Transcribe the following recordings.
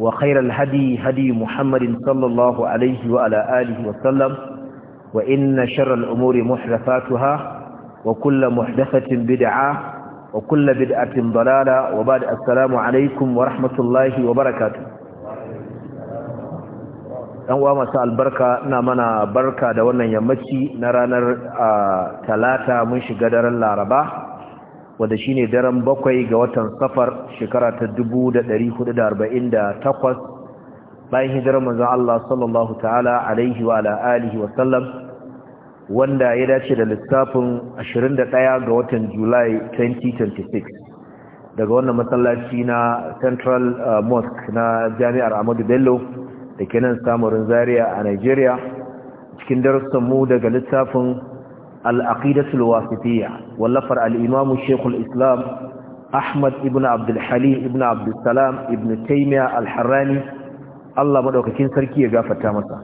وخير الهدي هدي محمد صلى الله عليه وعلى آله وسلم وإن شر الأمور محدثاتها وكل محدثة بدعة وكل بدعة ضلالة وبعد السلام عليكم ورحمة الله وبركاته ɗan'uwa masu albarka na mana barka da wannan yammaci na ranar talata mun shiga daren laraba wanda shine daren bakwai ga watan safar shekara ta 1448 bayan hijirar manzan Allah sallallahu ta'ala alaihi wa ala alihi wa sallam wanda ya dace da lissafin 21 ga watan July 2026 daga wannan masallaci na Central uh, Mosque na Jami'ar Ahmadu Bello da kenan nan samurin Zaria a Nigeria cikin darussan mu daga littafin al’aƙidatu al’asifiyya wallafar al’imamu shekul islam ahmad ibn abdulhalim ibn abdulsalam ibn taimiyya alharrani allah maɗaukakin sarki ya gafata masa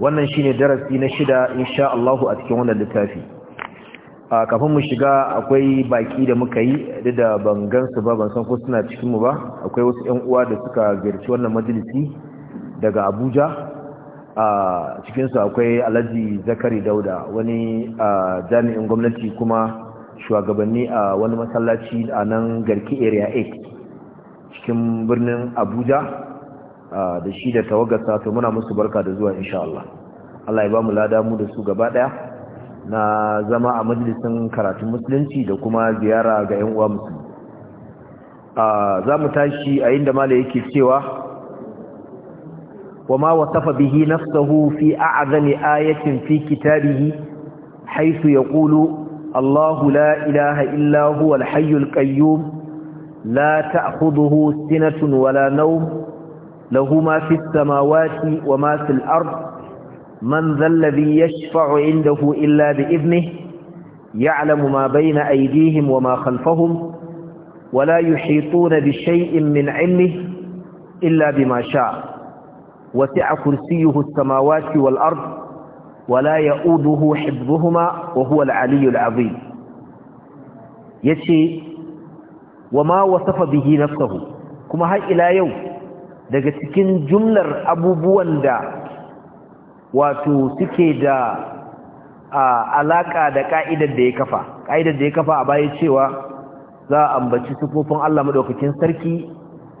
wannan shi ne darasi na shida in sha a cikin wannan littafi kafin mu shiga akwai baƙi da muka yi da ban gansu ba ban san ko suna cikinmu ba akwai wasu 'yan uwa da suka gari wannan majalisi daga abuja a cikinsu akwai alhaji zakari dauda wani jami'in gwamnati kuma shugabanni a wani masallaci a nan garki area 8 cikin birnin abuja da shi da tawagarsa to muna musu barka da zuwa insha Allah Allah ya ba mu lada mu da su gaba daya na zama a majalisin karatun musulunci da kuma ziyara ga 'yan uwa musulmi za mu tashi a inda mala yake cewa وما وصف به نفسه في أعظم آية في كتابه حيث يقول الله لا إله إلا هو الحي القيوم لا تأخذه سنة ولا نوم له ما في السماوات وما في الأرض من ذا الذي يشفع عنده إلا بإذنه يعلم ما بين أيديهم وما خلفهم ولا يحيطون بشيء من علمه إلا بما شاء wasi'a kursiyuhu as-samawati wal ard wala ya'uduhu hibbuhuma wa huwa al-'aliyyul 'azim yace wama wasafa bihi nafsuhu kuma har ila yau daga cikin jumlar abubuwan da wato suke da alaka da ka'idar da ya kafa ka'idar da ya kafa a baya cewa za a ambaci sufofin Allah madaukakin sarki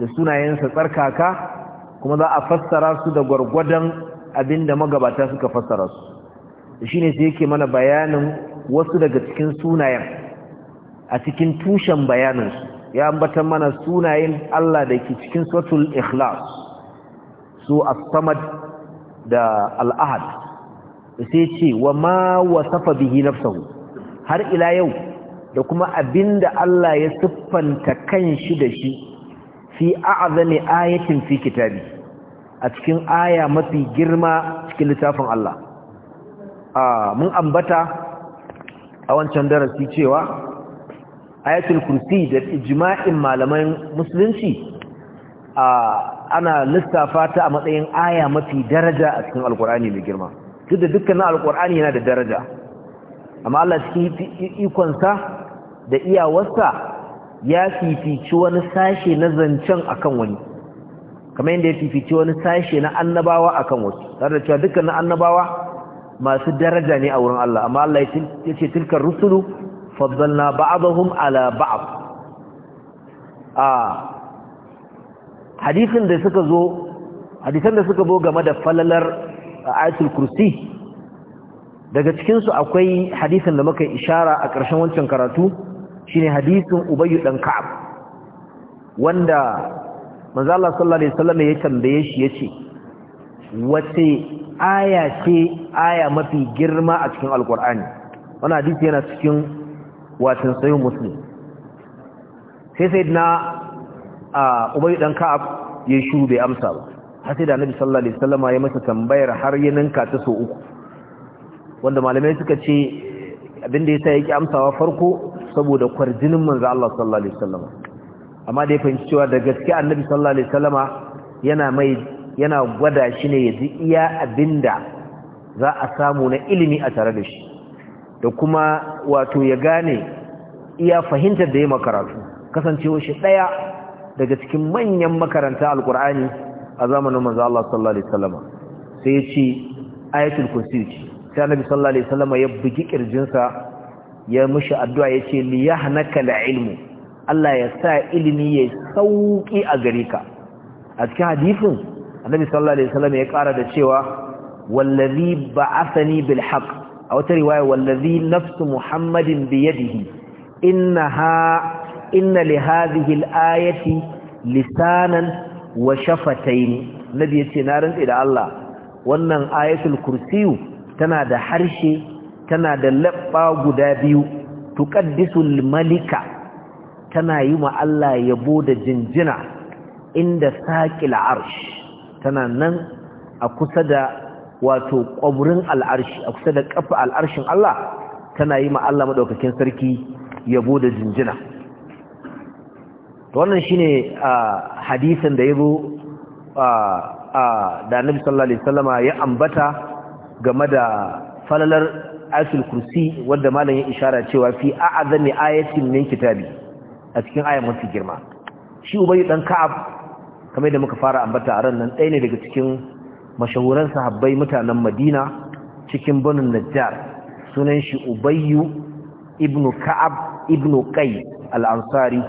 da sunayensa tsarkaka kuma za a fassara su da gwargwadon abinda magabata suka fassara su shi ne sai yake mana bayanin wasu daga cikin sunayen a cikin tushen bayanin su ya ambatan mana sunayen Allah da ke cikin suratul ikhlas su as-samad da al'ahad. ahad sai ce wa ma wasafa bihi nafsuhu har ila yau da kuma abinda Allah ya siffanta kanshi da shi fi a'zami ayatin fi kitabi a cikin aya mafi girma cikin littafin Allah mun ambata a wancan darasi cewa ayatul kursi da ijma'in malaman musulunci ana lissafa ta a matsayin aya mafi daraja a cikin alkur'ani mai girma duk da dukkanin alkur'ani yana da daraja amma Allah cikin ikonsa da iyawarsa ya fifici wani sashe na zancen akan wani kamar yadda ya fifici wani sashe na annabawa akan wasu tare da cewa dukkanin annabawa masu daraja ne a wurin Allah amma Allah ya ce tilkar rusulu faddalna ba'dahum ala ba'd a hadisin da suka zo hadisan da suka zo game da falalar ayatul kursi daga cikinsu akwai hadisin da muka ishara a ƙarshen wancan karatu shine hadisin ubayyu dan ka'ab wanda manzo Allah sallallahu alaihi wasallam ya tambaye shi ya ce, wace aya ce aya mafi girma a cikin alkur'ani wannan hadisi yana cikin watan sahih muslim sai sai na ubayyu dan ka'ab ya shiru bai amsa ba har sai da nabi sallallahu alaihi wasallam ya masa tambayar har ya ninka ta so uku wanda malamai suka ce abinda sa yake amsawa farko saboda kwarjinin manzo Allah sallallahu alaihi wasallam amma da ya fahimci cewa da gaske annabi sallallahu alaihi wasallam yana mai yana gwada shi ne yaji iya abinda za a samu na ilimi a tare da shi da kuma wato ya gane iya fahimtar da ya makaratu kasancewa shi daya daga cikin manyan makaranta alkur'ani a zamanin manzo Allah sallallahu alaihi wasallam sai ya ce ayatul kursi sai annabi sallallahu alaihi wasallam ya bugi kirjinsa ya mushi addu'a yace li yahnaka ilmu Allah ya sa ilimi ya sauki a gare ka a cikin hadisin annabi sallallahu alaihi wasallam ya ƙara da cewa wallazi ba'athani bil haqq a wata riwaya wallazi nafsu muhammadin bi yadihi innaha inna li hadhihi lisanan wa shafatayn nabi yace na rantsi da Allah wannan ayatul kursiyu tana da harshe tana da laɓa guda biyu tuqaddisul malika tana yi ma Allah yabo da jinjina inda saqil arsh tana nan a kusa da wato kwabrin al'arshi a kusa da kafa al'arshin Allah tana yi ma Allah madaukakin sarki yabo da jinjina wannan shine hadisin da yabo da Annabi sallallahu alaihi wasallama ya ambata game da falalar asul kursi wanda malam ya ishara cewa fi a'azami ayatin min kitabi a cikin aya mafi girma shi ubayi dan ka'ab kamar da muka fara ambata a ran nan ɗaya ne daga cikin mashahuran sahabbai mutanen madina cikin banu najjar sunan shi ubayyu ibnu ka'ab ibnu qais al-ansari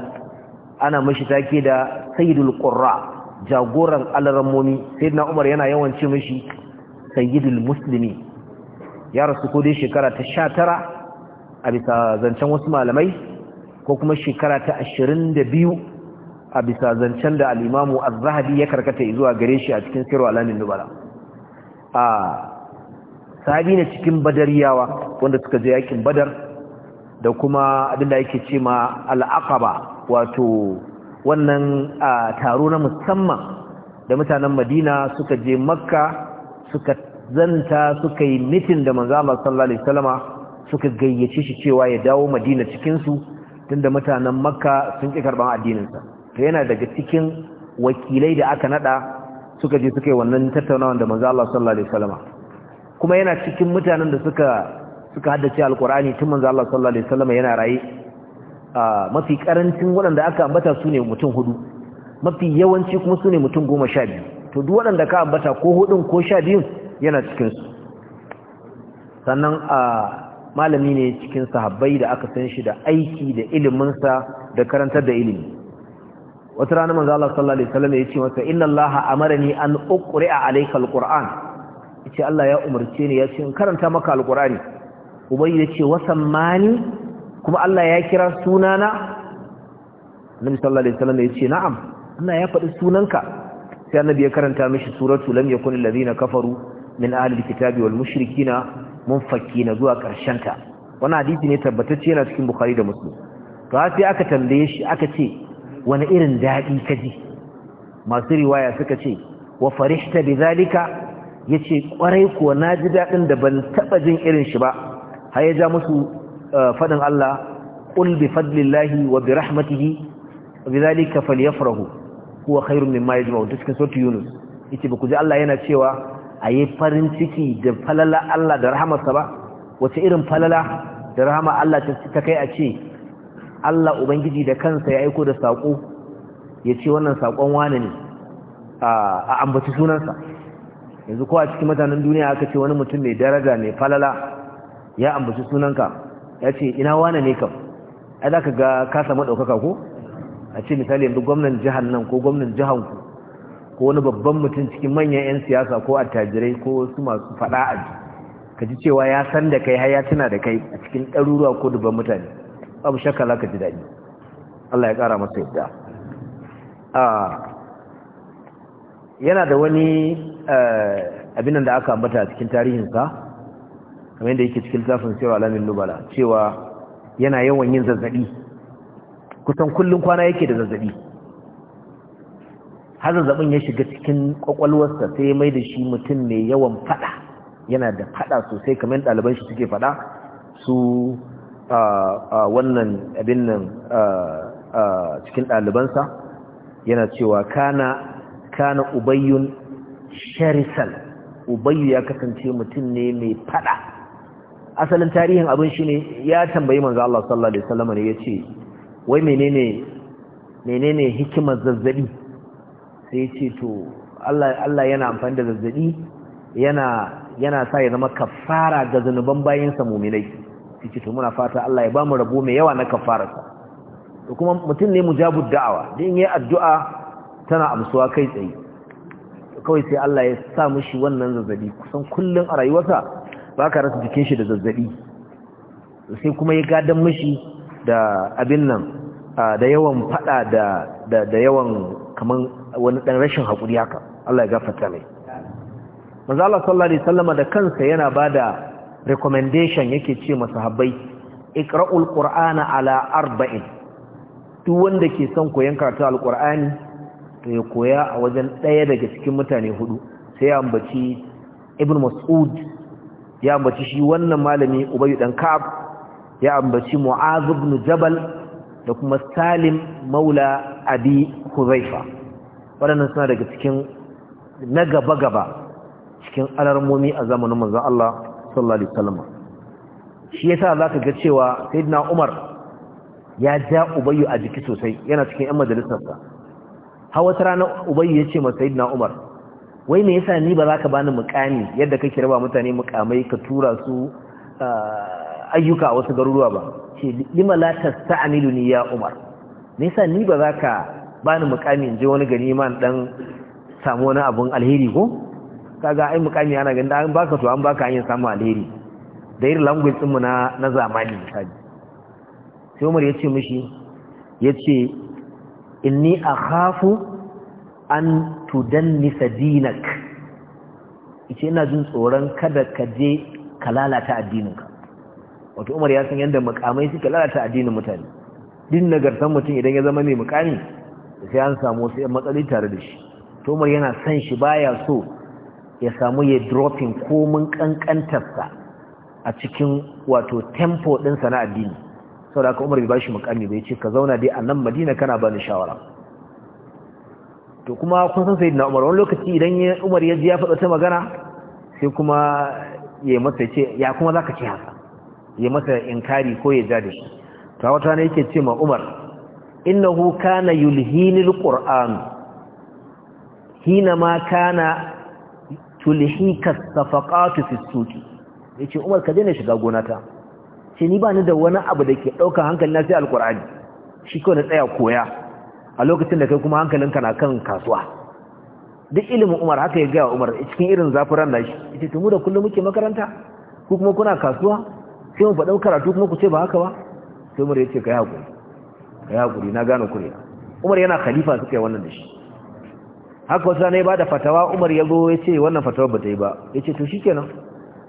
ana mashi take da sayyidul qurra jagoran alrammomi sayyidina umar yana yawan ce mashi sayyidul musulmi ya rasu ko dai shekara ta sha tara a bisa zancen wasu malamai ko kuma shekara ta ashirin da biyu a bisa zancen da al'imamu al zahabi ya karkata zuwa gare shi a cikin sirwa alamin nubala a sahabi na cikin badariyawa wanda suka je yakin badar da kuma abinda yake ce ma al'aqaba wato wannan taro na musamman da mutanen madina suka je makka suka zanta suka yi mitin da manzo Allah sallallahu alaihi wasallama suka gayyace shi cewa ya dawo Madina cikin su tunda mutanen Makka sun ki karban addinin sa to yana daga cikin wakilai da aka nada suka je suka yi wannan tattaunawa da manzo Allah sallallahu alaihi wasallama kuma yana cikin mutanen da suka suka haddace alqur'ani tun manzo Allah sallallahu alaihi wasallama yana raye a mafi karancin waɗanda aka ambata sune mutum hudu mafi yawanci kuma sune mutum 12 to duk waɗanda ka ambata ko hudun ko 12 yana cikinsu sannan a malami ne cikin sahabbai da aka san shi da aiki da iliminsa da karantar da ilimi wata rana manzo Allah sallallahu alaihi wasallam ya ce masa inna Allah amarani an uqri'a alayka alquran yace Allah ya umarce ni yace in karanta maka alqurani ubayy yace wasammani kuma Allah ya kira sunana Annabi sallallahu alaihi wasallam yace na'am Allah ya faɗi sunanka sai annabi ya karanta mishi suratu lam yakun alladhina kafaru min ahlil kitabi wal mushrikina munfakkina zuwa karshen ta Wani hadisi ne tabbatacce yana cikin bukhari da muslim to har sai aka tambaye shi aka ce wani irin ka kaji masu riwaya suka ce wa farihta zalika yace kwarai kuwa ji daɗin da ban taba jin irin shi ba har ya ja musu eh, faɗin Allah qul bi fadlillahi wa bi rahmatihi bidhalika falyafrahu huwa khairun mimma yajma'un cikin sura yunus yace ba ku ji Allah yana cewa a yi farin ciki da falala Allah da rahamarsa ba wace irin falala da rahama Allah ta kai a ce Allah Ubangiji da kansa ya aiko da saƙo ya ce wannan saƙon wane ne a ambaci sunansa yanzu kowa cikin mutanen duniya aka ce wani mutum mai daraja mai falala ya ambaci sunanka ya ce ina wane ne kam ai za ka ga kasa madaukaka ko a ce misali yanzu gwamnan jihar nan ko gwamnan jihar ku ko wani babban mutum cikin manyan 'yan siyasa ko attajirai ko su masu fada a ka ji cewa ya san da kai har ya tuna da kai a cikin ɗaruruwa ko dubban mutane abu shakka za ka ji daɗi Allah ya ƙara masa yadda yana da wani abin da aka ambata a cikin tarihinsa kamar yadda yake cikin tafin cewa alamin lubala cewa yana yawan yin zazzaɓi kusan kullum kwana yake da zazzaɓi har zazzabin ya shiga cikin kwakwalwarsa sai ya mai da shi mutum mai yawan faɗa, yana da faɗa sosai kamar ɗaliban shi suke faɗa su wannan abin nan cikin ɗalibansa yana cewa kana kana ubayyun sharisal ubayyu ya kasance mutum ne mai fada asalin tarihin abin shi ne ya tambayi manzo Allah sallallahu alaihi wasallam ne yace wai menene menene hikimar zazzabi sai ce to Allah yana amfani da zazzabi yana sa ya zama kafara ga zunuban bayansa muminai sai ce to muna fata Allah ya ba mu rabo mai yawa na kafararsa da kuma mutum ne mu mujabu da'awa din yi addu'a tana amsuwa kai tsaye kawai sai Allah ya sa mushi wannan zazzabi kusan kullum a rayuwarsa ka rasa jikin shi da zazzabi sai kuma ya gadan mishi da abin nan da yawan fada da yawan kaman wani ɗan rashin hakuri haka Allah ya gafata mai manzo Allah sallallahu alaihi da kansa yana ba da recommendation yake ce habai Ikra'ul qur'ana ala arba'in duk wanda ke son koyon karatu alqur'ani to ya koya a wajen ɗaya daga cikin mutane hudu sai ya ambaci ibn mas'ud ya ambaci shi wannan malami Ubayu dan ka'ab ya ambaci mu'az ibn jabal da kuma salim maula abi huzaifa waɗannan suna daga cikin na gaba-gaba cikin alarmomi a zamanin manzan Allah sallallahu Alaihi wasallam shi yasa za ka ga cewa sayyidina umar ya ja ubayyu a jiki sosai yana cikin 'yan majalisarsa hawa ta ranar ubayyu ya ce ma sayyidina umar wai me yasa ni ba za ka bani mukami yadda kake raba mutane mukamai ka tura su ah, ayyuka a wasu garuruwa ba ce lima la ni ya umar me yasa ni ba za ka ba ni mukami in je wani gari ma dan samu wani abun alheri ko kaga ai mukami ana ganin an baka to an baka hanyar samu alheri da irin language din mu na na zamani misali sai Umar yace ce mishi yace inni akhafu an tudannisa dinak yace ina jin tsoron kada ka je ka lalata addininka wato Umar ya san yanda mukamai suka lalata addinin mutane din nagartan mutum idan ya zama mai mukami sai an samu sai matsali tare da shi tomar yana son shi baya so ya samu ya dropping komin kankantarsa a cikin wato tempo din na addini sau da umar ba shi mukami bai ce ka zauna dai a nan madina kana ba ni shawara to kuma kun san sai na umar wani lokaci idan umar ya ji ya faɗa ta magana sai kuma ya masa ce ya kuma za ka ce haka ya masa inkari ko ya ja da shi ta wata ne yake ce ma umar innahu kana yulhini hina hinama kana tulhika safaqatu fi suqi yace Umar ka daina shiga gonata ce ni ba ni da wani abu da ke ɗaukar hankali na sai alqur'ani shi kawai na tsaya koya a lokacin da kai kuma hankalinka na kan kasuwa duk ilimin Umar haka ya ga Umar cikin irin zafiran nashi yace to mu da kullum muke makaranta Ko kuma kuna kasuwa sai mu fa karatu kuma ku ce ba haka ba sai Umar yace kai hakuri ya guri na gano kure umar yana khalifa suka yi wannan da shi haka wasu ne ba da fatawa umar ya zo ya ce wannan fatawa ba ta yi ba ya ce to shi kenan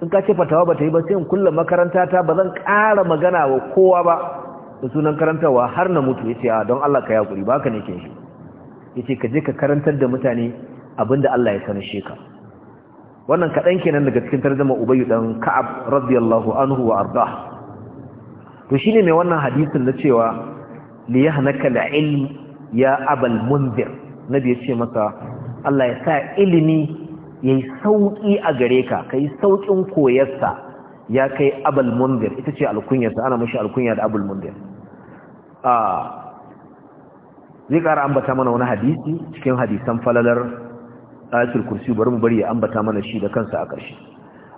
in ka ce fatawa ba ta yi ba sai in kulle makaranta ta ba zan ƙara magana wa kowa ba da sunan karantarwa har na mutu ya ce a don Allah ka guri ba ka ne ke shi ya ce ka je ka karantar da mutane abinda Allah ya sanar sheka wannan kaɗan kenan daga cikin tarjama ubayu ɗan ka'ab radiyallahu anhu wa arda to shine ne mai wannan hadisin na cewa li na al-ilm ya abal munzir nabi yace ce masa Allah ya sa ilimi yayi sauki a gare ka kai saukin koyarsa ya kai abal munzir ita ce alkunyarsa ana mashi alkunya da abul munzir a zai kara ambata mana wani hadisi cikin hadisan falalar ayatul kursi bari mu bari ya ambata mana shi da kansa a ƙarshe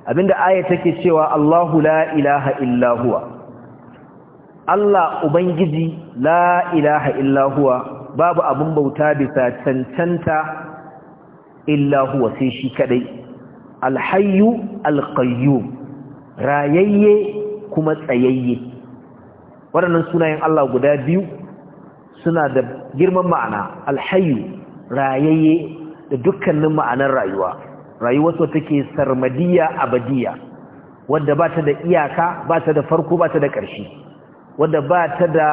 abinda aya take cewa Allahu la ilaha illa huwa Allah Ubangiji la ilaha illa huwa babu abin bauta bisa cancanta illa huwa sai shi kadai alhayyu alqayyum rayayye kuma tsayayye waɗannan sunayen Allah guda biyu suna da girman ma'ana alhayyu rayayye da dukkanin ma'anar rayuwa rayuwarsa take sarmadiya abadiya wadda ba ta da iyaka ba ta da farko ba ta da ƙarshe wadda ba ta da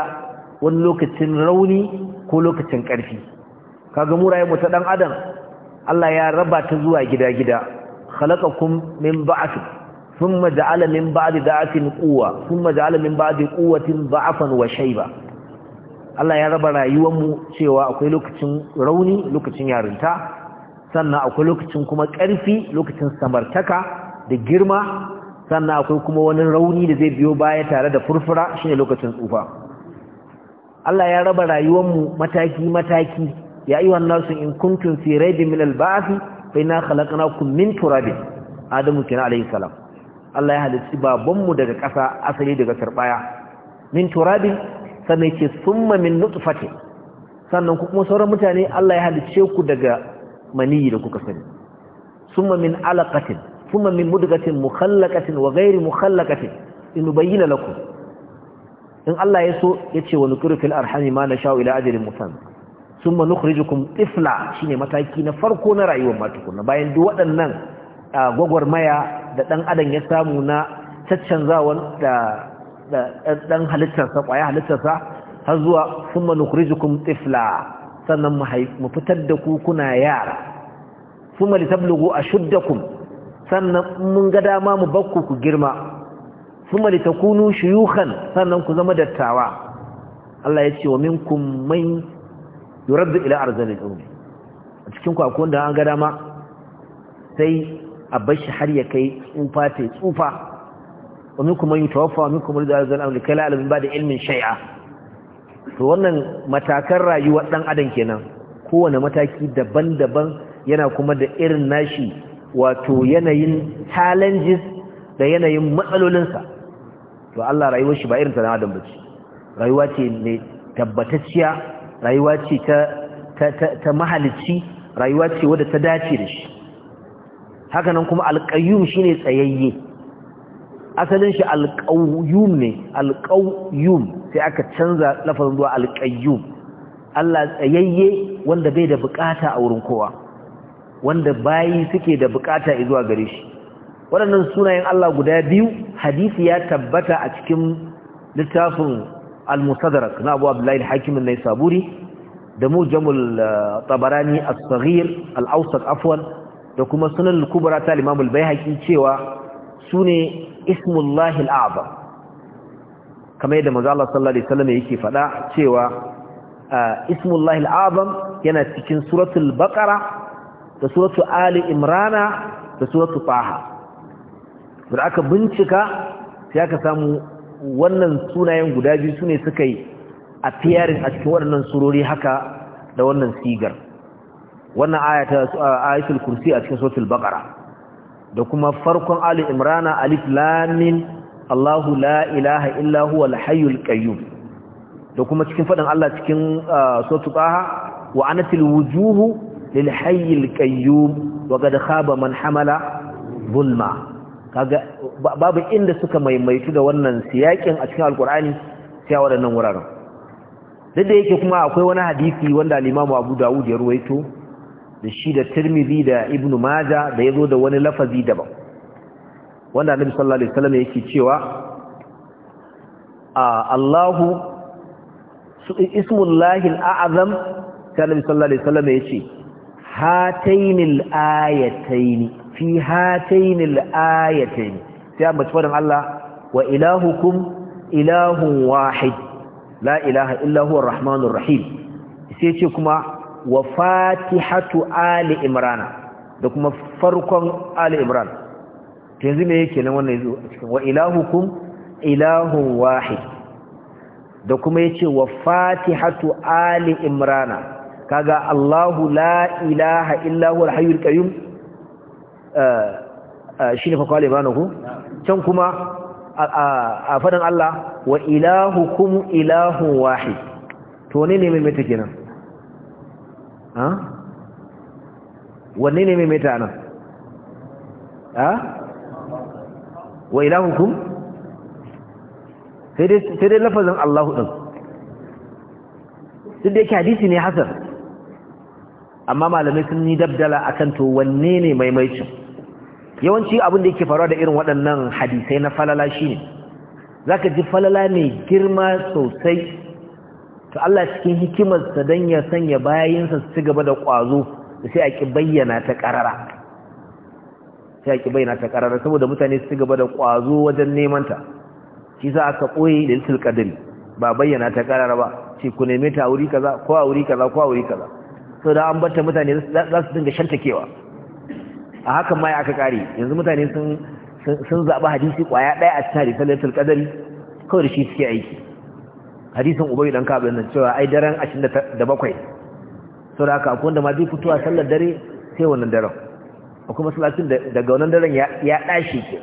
wani lokacin rauni ko lokacin ƙarfi kaga mu ta ɗan adam Allah ya raba ta zuwa gida-gida khalaqakum min ba'th thumma ja'ala min ba'di da'atin quwwa thumma ja'ala min ba'di quwwatin da'afan wa shayba Allah ya raba rayuwar mu cewa akwai lokacin rauni lokacin yarinta sannan akwai lokacin kuma ƙarfi lokacin samartaka da girma sannan akwai kuma wani rauni da zai biyo baya tare da furfura shi ne lokacin tsufa Allah ya raba rayuwar mu mataki-mataki ya yi wannan sun in kuntum fi raibin min al-ba'thi fa inna khalaqnakum min turabin adamu kina alayhi salam Allah ya halicci babanmu daga ƙasa asali daga sarɓaya. min turabin sannan ce summa min nutfati sannan kuma sauran mutane Allah ya halicce ku daga maniyi da kuka sani summa min alaqatin ثم من مدغة مخلقة وغير مخلقة لنبين لكم إن الله يسوء يتشي ونكر في الأرحام ما نشاء إلى أجل مسمى ثم نخرجكم طفلا شيني متاكين فرقون رأي وما تكون باين دو waɗannan gogwar maya da dan adam ya samu na caccanzawan da ɗan halittarsa kwaya halittarsa har zuwa thumma nukhrijukum tifla sannan mu fitar da ku kuna yara a litablugu sannan mun ga dama mu bakku ku girma kuma takunu shuyukhan sannan ku zama dattawa Allah ya ce wa minkum man yurad ila arzani. umri a cikin ku akwai wanda an ga dama sai a bashi har ya kai tsufa ta tsufa wa minkum man yutawaffa wa minkum man yuraddu ila arzani umri kala alamin ba da ilmin shay'a to wannan matakan rayuwar dan adam kenan kowane mataki daban-daban yana kuma da irin nashi wato yanayin challenges da yanayin matsalolinsa to Allah rayuwar shi ba irin ta adam bace rayuwa ce ne tabbatacciya rayuwa ce ta ta ta mahalicci rayuwa ce wadda ta dace da shi haka nan kuma alqayyum shine tsayayye asalin shi alqayyum ne alqayyum sai aka canza lafazin zuwa alqayyum Allah tsayayye wanda bai da bukata a wurin kowa wanda bayi suke da bukata izuwa gare shi waɗannan sunayen Allah guda biyu hadisi ya tabbata a cikin littafin al na Abu Abdullahi al-Hakim an-Naisaburi da mujamul uh, Tabarani as-Saghir al-Awsat afwan da kuma sunan al-Kubra ta Imam al-Baihaqi cewa sune ismullahi al-a'zam kamar yadda manzo Allah sallallahu alaihi wasallam yake faɗa cewa uh, ismullahi al-a'zam yana cikin suratul baqara da suratu ali imrana da suratu taha da aka bincika sai aka samu wannan sunayen guda biyu sune suka yi a fiyarin a cikin waɗannan surori haka da wannan sigar wannan aya ta ayatul kursi a cikin suratul baqara da kuma farkon ali imrana alif Lamin, Allahu la ilaha illa huwa al qayyum da kuma cikin faɗin Allah cikin suratul taha wa anatil wujuhu lil hayyil qayyum wa qad khaba man kaga babu inda suka maimaitu da wannan siyakin a cikin alqur'ani sai a wadannan wuraren duk da yake kuma akwai wani hadisi wanda al-Imam Abu Dawud ya ruwaito da shi da Tirmidhi da Ibn Majah da yazo da wani lafazi daban wanda Annabi sallallahu alaihi wasallam yake cewa Allahu ismullahi al-a'zam sai Annabi sallallahu alaihi wasallam yace hatainil ayataini fi hatainil ayataini sai ambaci faɗin Allah wa ilahukum ilahun wahid la ilaha illa huwa rahmanur rahim sai kuma wa fatihatu ali imrana da kuma farkon ali imran to yanzu me nan wannan yazo wa wahid da kuma yace wa fatihatu ali imrana kaga Allahu la ilaha illa huwa al-hayyul qayyum eh, eh, shine fa qala ku can kuma a fadan Allah wa ilahukum ilahu wahid to ne ne mai mata kenan ha wanne ne mai ta nan ha wa ilahukum sai dai lafazin Allahu din duk da yake hadisi ne hasan amma malamai sun yi dabdala kan to wanne ne maimaicin yawanci abin da yake faruwa da irin waɗannan hadisai na falala shine ka ji falala mai girma sosai to Allah cikin hikimarsa don ya sanya bayayinsa su ci gaba da ƙwazo da sai a ƙi bayyana ta ƙarara sai a ƙi bayyana ta ƙarara saboda mutane su ci gaba da ƙwazo wajen neman ta shi za a ɓoye da ƙadari ba bayyana ta ƙarara ba ce ku neme ta a wuri kaza ko a wuri kaza ko a wuri kaza so da an batta mutane za su dinga shantakewa a hakan ma ya aka kare yanzu mutane sun sun zaɓi hadisi ƙwaya ɗaya a cikin hadisan laitul ƙadari kawai da shi suke aiki hadisin ubayi dan kaɓe nan cewa ai daren bakwai so da haka akwai da ma zai fitowa sallar dare sai wannan daren akwai masallacin daga wannan daren ya ɗashi ke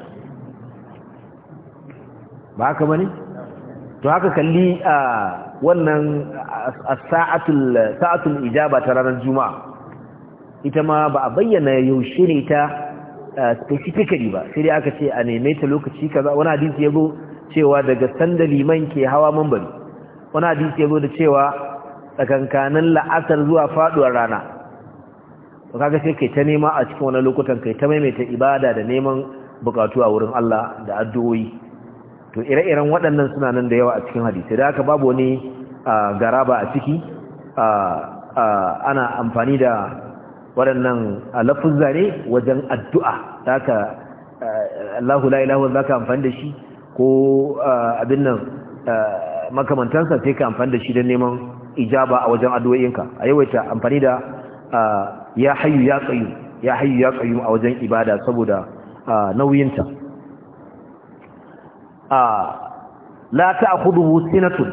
ba haka ne to haka kalli a ah, wannan sa'atul ijaba ta ranar juma'a ita ma ba a bayyana yaushe ne ta specifically ba sai dai aka ce a neme ta lokaci kaza wani hadisi ya cewa daga sanda liman ke hawa mambari wani hadisi ya da cewa tsakankanin la'asar zuwa faduwar rana to kaga sai kai ta nema a cikin wani lokutan kai ta maimaita ibada da neman bukatu a wurin Allah da addu'o'i to ire-iren waɗannan suna nan da yawa a cikin hadisi da aka babu wani garaba a ciki ana amfani da waɗannan lafin zane wajen addu'a da aka, Allahu la ilaha za ka amfani da shi ko abin nan makamantansa sai ka amfani da shi don neman ijaba a wajen addu'o'inka a yawaita amfani da ya ya ya hayu ya tsayu a wajen ibada saboda nauyinta a la ta'khudhu sinatun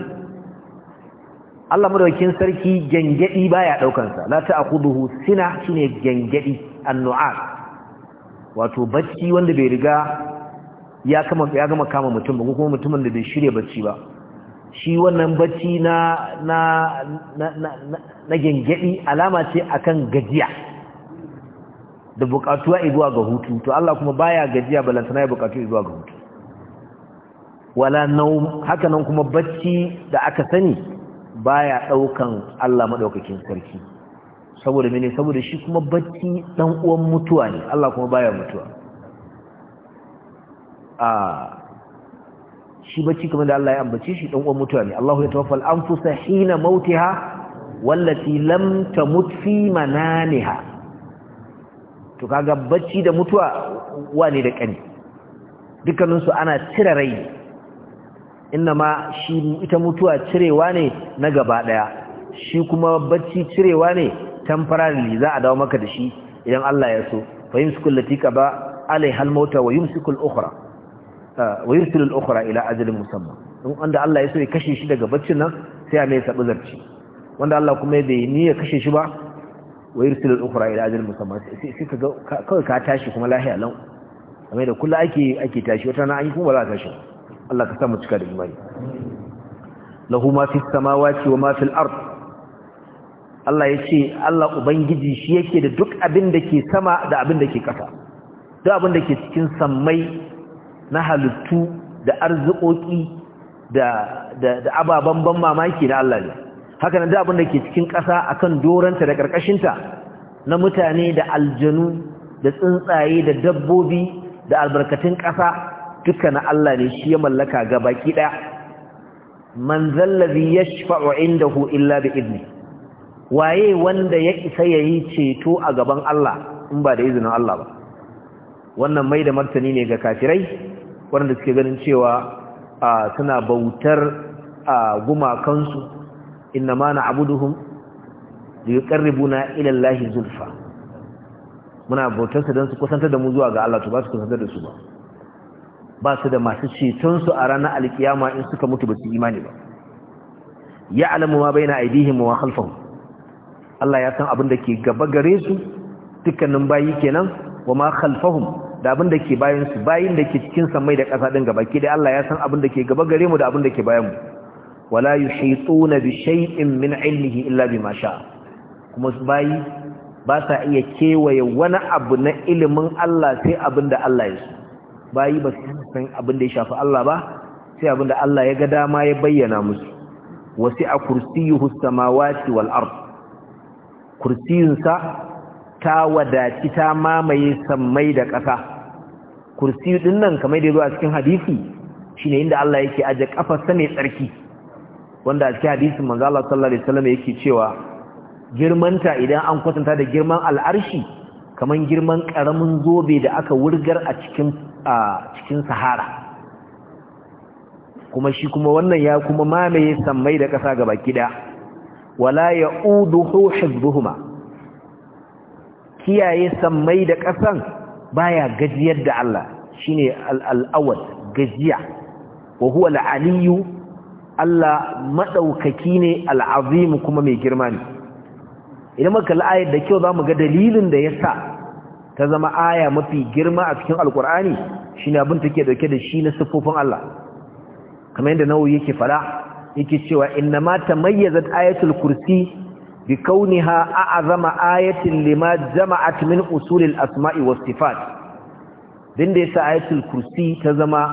Allah madaukin sarki gengedi baya daukan sa la ta'khudhu sina shine gengedi annu'as wato bacci wanda bai riga ya kama ya gama kama mutum ba kuma mutumin da bai shirye bacci ba shi wannan bacci na na na na alama ce akan gajiya da bukatuwa zuwa ga hutu to Allah kuma baya gajiya balantana ya bukatu zuwa ga hutu wala naum haka nan kuma bacci da aka sani baya daukan Allah madaukakin sarki saboda mene saboda shi kuma bacci dan uwan mutuwa ne Allah kuma baya mutuwa a shi bacci kuma da Allah ya ambace shi dan uwan mutuwa ne Allahu ya tawaffal anfusa hina mautaha wallati lam tamut fi mananiha to kaga bacci da mutuwa wane da kani su ana cire rai ma shi ita mutuwa cirewa ne na gaba daya shi kuma bacci cirewa ne temporarily za a dawo maka da shi idan Allah ya so fa yumsiku allati ba alaiha al-mauta wa yumsikul ukhra uh, wa yursilu al-ukhra ila ajalin musamma wanda Allah ya so ya kashe shi daga baccin nan sai ya mai sabu zarci wanda Allah kuma ya bai niyya kashe shi ba wa yursilu al-ukhra ila ajalin musamma sai ka ga kawai ka tashi kuma lahiya lau kamar da kullu ake ake tashi wata na an yi kuma ba za ka tashi Allah ka samu cika da imani lahu ma fi samawati wa ma fil ard Allah yace Allah ubangiji shi yake da duk abin da ke sama da abin da ke ƙasa duk abin da ke cikin sammai na halittu da arzikoki da da ababan ban mamaki na Allah ne haka nan duk abin da ke cikin ƙasa akan doranta da ta na mutane da aljanu da tsuntsaye da dabbobi da albarkatun ƙasa duka na Allah ne shi ya mallaka ga baki ɗaya man zallazi yashfa'u indahu illa da idni waye wanda ya isa yayi ceto a gaban Allah in ba da izinin Allah ba wannan mai da martani ne ga kafirai waɗanda suke ganin cewa suna bautar gumakansu inna ma na'buduhum liqarribuna ila Allahi zulfa muna bautar su dan su kusantar da mu zuwa ga Allah to ba su kusantar da su ba ba su da masu cetonsu a ranar alkiyama in suka mutu ba su imani ba ya alamu ma bai na aidihin wa halfan Allah ya san abin da ke gaba gare su dukkanin bayi kenan wa ma halfahum da abin da ke bayan bayin da ke cikin samai da ƙasa ɗin gaba ke da Allah ya san abin da ke gaba gare mu da abin da ke bayan mu wala na bi shay'in min ilmihi illa bima sha'a? kuma bayi ba sa iya kewaye wani abu na ilimin Allah sai abin da Allah ya su bayi ba su san abin da ya shafi Allah ba sai abin da Allah ya ga dama ya bayyana musu wasi a kursiyuhu samawati wal ard kursiyinsa ta wadaci ta mamaye sammai da ƙasa kursiyu din nan kamar da ya zo a cikin hadisi shine inda Allah yake aje kafarsa mai tsarki wanda a cikin hadisin manzo Allah sallallahu alaihi wasallam yake cewa girmanta idan an kwatanta da girman al'arshi kaman girman karamin zobe da aka wurgar a cikin a cikin sahara kuma shi kuma wannan ya kuma mamaye sammai da ƙasa gaba da wala ya uduhu hizbuhuma kiyaye sammai da ƙasan baya gajiyar da Allah shine al-awwal gajiya wa huwa al Allah maɗaukaki ne al kuma mai girma ne idan muka la'ayar da kyau za mu ga dalilin da yasa ta zama aya mafi girma a cikin alkur'ani shine abin take dauke da shi na siffofin Allah kamar yadda nawawi yake fada yake cewa ma tamayyazat ayatul kursi bi kauniha a'zama ayatin lima jama'at min usulil asma'i was sifat din da yasa ayatul kursi ta zama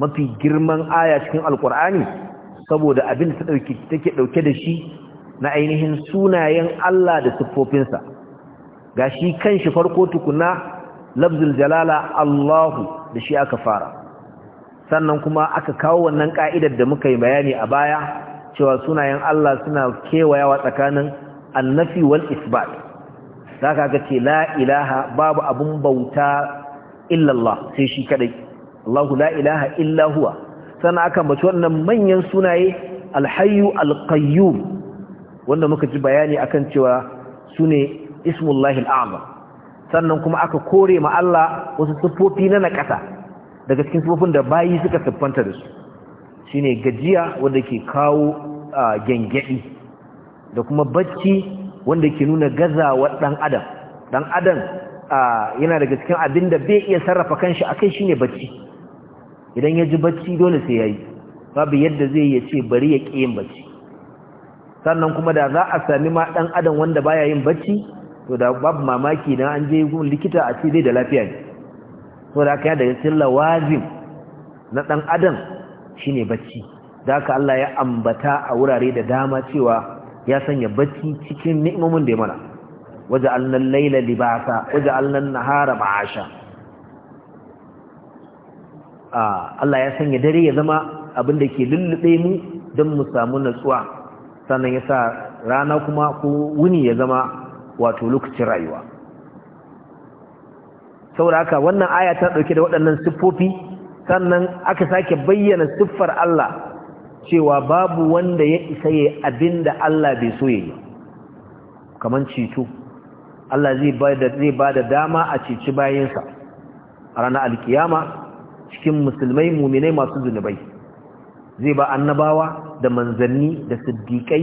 mafi girman aya cikin alkur'ani saboda abin da take dauke da shi na ainihin sunayen Allah da siffofinsa ga shi kanshi farko tukuna lafzul jalala Allahu da shi aka fara sannan kuma aka kawo wannan ka'idar da muka yi bayani a baya cewa sunayen Allah suna kewayawa tsakanin annafi wal isbat za ka ga ce la ilaha babu abun bauta illallah sai shi kadai Allahu la ilaha illa huwa sannan aka bace wannan manyan sunaye alhayyu alqayyum wanda muka ji bayani akan cewa sune ismullahi al'azam sannan kuma aka kore ma Allah wasu siffofi na nakasa daga cikin sifofin da bayi suka siffanta da su shine gajiya wanda ke kawo gengedi da kuma bacci wanda ke nuna gazawar dan adam dan adam yana daga cikin abin da bai iya sarrafa kanshi akai shine bacci idan ya ji bacci dole sai yayi babu yadda zai ya ce bari ya ƙi yin bacci sannan kuma da za a sami ma ɗan adam wanda baya yin bacci to da babu mamaki na an je gun likita a ce da lafiya ne to da aka daga cikin lawazim na dan adam shine bacci da haka Allah ya ambata a wurare da dama cewa ya sanya bacci cikin ni'imomin da ya mana waja'alna laila libasa waja'alna allan nahara ma'asha Allah ya sanya dare ya zama abin da ke lullube mu don mu samu natsuwa sannan ya sa rana kuma ko wuni ya zama wato lokacin rayuwa saboda haka wannan aya ta dauke da waɗannan siffofi sannan aka sake bayyana siffar Allah cewa babu wanda ya isa yi abinda Allah bai so ya yayi kaman cito Allah zai bada zai bada dama a cici bayansa a ranar alkiyama cikin musulmai muminai masu zunubai zai ba annabawa da manzanni da siddiƙai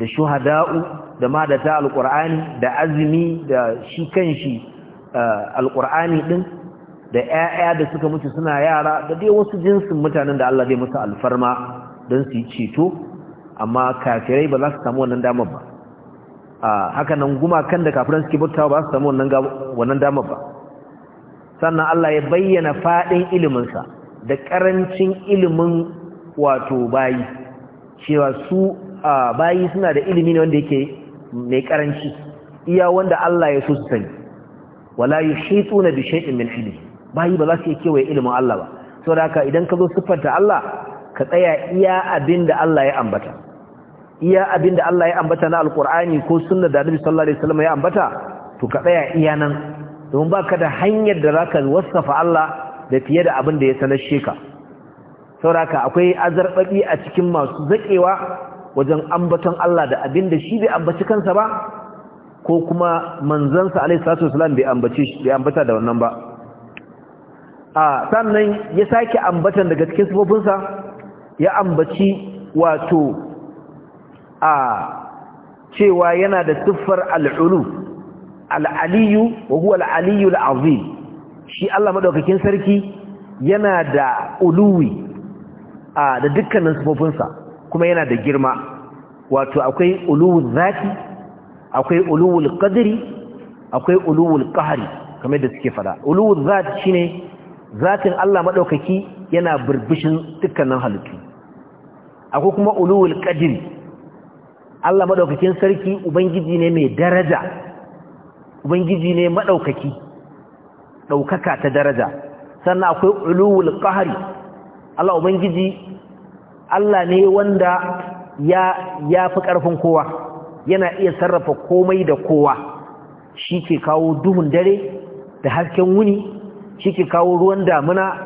da shuhada'u da ma da ta alƙur'ani da azumi da shi kanshi eh, alƙur'ani ɗin da 'ya'ya da suka mutu suna yara da dai wasu jinsin mutanen da Allah zai musu alfarma don su yi ceto amma kafirai ba za su samu wannan damar ba haka nan gumakan da kafiran suke bautawa ba su samu wannan damar ba sannan Allah ya bayyana faɗin iliminsa da ƙarancin ilimin wato bayi cewa su bayi suna da ilimi ne wanda yake mai karanci iya wanda Allah ya so su sani wala na bi shay'in min ilmi bai ba za su yake kewaye ilimin Allah ba da haka idan ka zo siffanta Allah ka tsaya iya abinda Allah ya ambata iya abinda Allah ya ambata na alqur'ani ko sunna da Annabi sallallahu alaihi wasallam ya ambata to ka tsaya iya nan don baka da hanyar da zaka wasafa Allah da fiye da abinda ya sanar sheka saboda haka akwai azarbabi a cikin masu zakewa wajen ambaton Allah da abin da shi bai ambaci kansa ba ko kuma manzansa alaihi salatu wasallam bai ambace shi bai ambata da wannan ba a sannan ya sake ambatan daga cikin sa ya ambaci wato a cewa yana da siffar al'ulu al'aliyu wa huwa al'aliyu al'azim shi Allah madaukakin sarki yana da uluwi a da dukkanin sifofinsa kuma yana da girma wato akwai uluwul zafi akwai uluwul qadri akwai uluwul qahri kamar da suke fada uluwul zati shine zatin Allah madaukaki yana burbushin dukkanin halittu akwai kuma uluwul qadri Allah madaukakin sarki ubangiji ne mai daraja ubangiji ne madaukaki daukaka ta daraja sannan akwai uluwul qahri Allah ubangiji Allah ne wanda ya ya fi ƙarfin kowa yana iya sarrafa komai da kowa shi ke kawo duhun dare da hasken wuni shi ke kawo ruwan damuna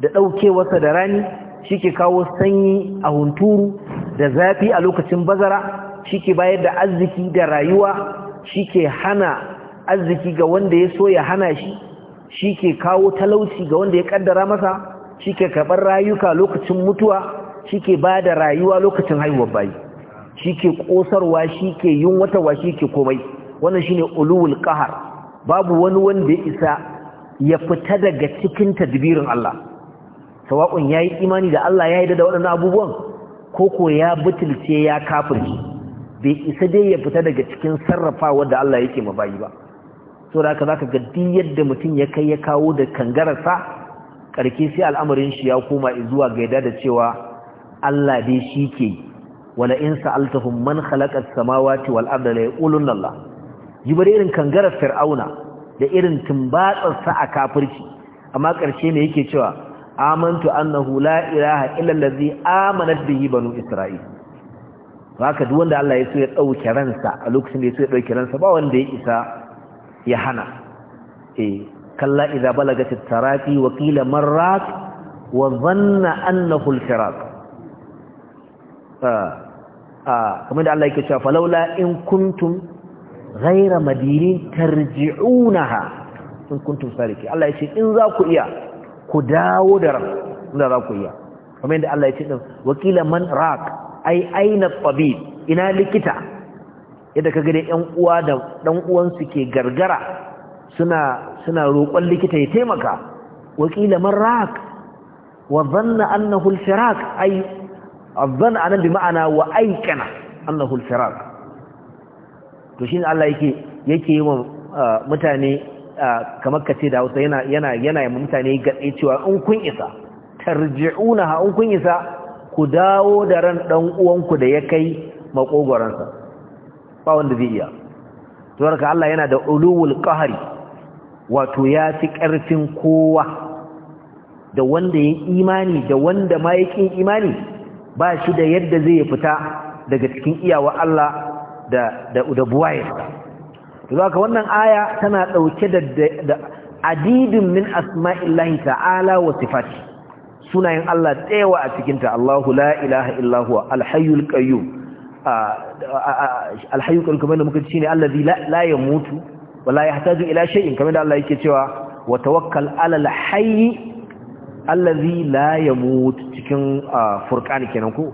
da ɗaukewarsa da rani shi ke kawo sanyi a hunturu da zafi a lokacin bazara shi ke bayar da arziki da rayuwa shi ke hana arziki ga wanda ya so ya hana shi shi ke kawo talauci ga wanda ya ƙaddara masa shi ke karɓar rayuka lokacin mutuwa shi ke ba da rayuwa lokacin haihuwar bayi shi ke ƙosarwa shi ke yin wata shi ke komai wannan shi ne uluwul ƙahar babu wani wanda ya isa ya fita daga cikin tadbirin Allah Sawaƙun ya yi imani da Allah ya yi da waɗannan abubuwan ko ko ya butulce ya kafirci bai isa dai ya fita daga cikin sarrafawa da Allah yake bayi ba so da haka zaka ga duk yadda mutum ya kai ya kawo da kangararsa karke sai al'amarin shi ya koma zuwa gaida da cewa Allah dai shi ke yi wala in sa'altahum man khalaqa as-samawati wal da la yaquluna Allah irin kangarar fir'auna da irin timbatsar sa a kafirci amma karshe ne yake cewa amantu annahu la ilaha illa amanat bihi banu isra'il haka duk wanda Allah ya so ya ɗauki ransa a lokacin da ya so ya ɗauki ransa ba wanda ya isa ya hana e kalla iza balaga at-taraqi wa qila marrat wa zanna annahu al-firaq kamar da Allah yake cewa falaula in kuntum ghaira madinin tarji'unaha in kuntum saliki Allah yake in za ku iya ku dawo da ran inda za ku iya kamar da Allah yake din wakila man raq ai aina tabib ina likita yadda ka gane ƴan uwa da dan uwan su ke gargara suna suna roƙon likita ya taimaka wakila man raq wa dhanna annahu al-firaq ai azzan anan bi ma'ana wa aikana annahu al-firaq to shine Allah yake yake yi wa mutane kamar kace da Hausa yana yana yana yi mutane gatse cewa in kun isa ha in kun isa ku dawo da ran dan uwanku da ya kai makogoransa ba wanda zai iya to haka Allah yana da ulul qahari wato ya fi karfin kowa da wanda ya imani da wanda ma yake imani ba shi da yadda zai fita daga cikin iyawa Allah da da buwayarsa to haka wannan aya tana dauke da adidin min asma'illahi ta'ala wa sifati sunayen Allah tsayawa a cikinta Allahu la ilaha illa huwa al qayyum alhayyul qayyum kamar da muka ci ne allazi la yamutu wa la yahtaju ila shay'in kamar da Allah yake cewa wa tawakkal ala alhayy hayy allazi la yamutu cikin furqani kenan ko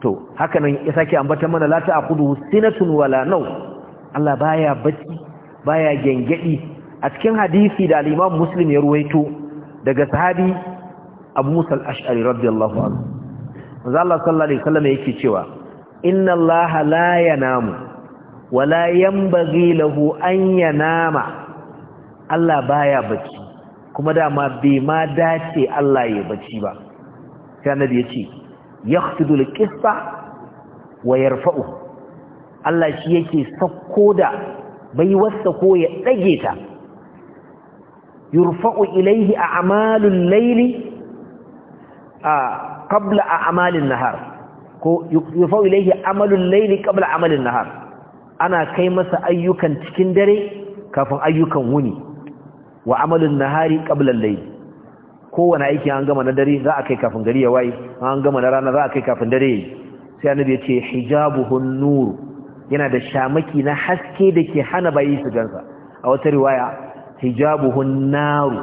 to haka nan ya sake ambata mana la ta'qudu sinatun wala naw Allah baya bacci baya gengedi a cikin hadisi da al-Imam Muslim ya ruwaito daga sahabi Abu Musa al-Ash'ari radiyallahu anhu manzo Allah sallallahu alaihi wasallam yake cewa inna Allah la yanamu wala yanbaghi lahu an yanama Allah baya bacci kuma dama bai ma dace Allah ya bacci ba sai ya ce yakhfidu alqissa wa yarfa'u Allah shi yake sakko da bai wasa ko ya dage ta ilaihi a amalin layli a a'malin nahar ko yufau ilaihi amalin layli qabla amalin nahar ana kai masa ayyukan cikin dare kafin ayyukan wuni wa amalun nahari qabla laili layli kowane aiki an gama na dare za a kai kafin gari ya waye an gama na rana za a kai kafin dare yayi sai annabi ya ce hijabuhun nur yana da shamaki na haske da ke hana bayi su gansa a wata riwaya hijabuhun naru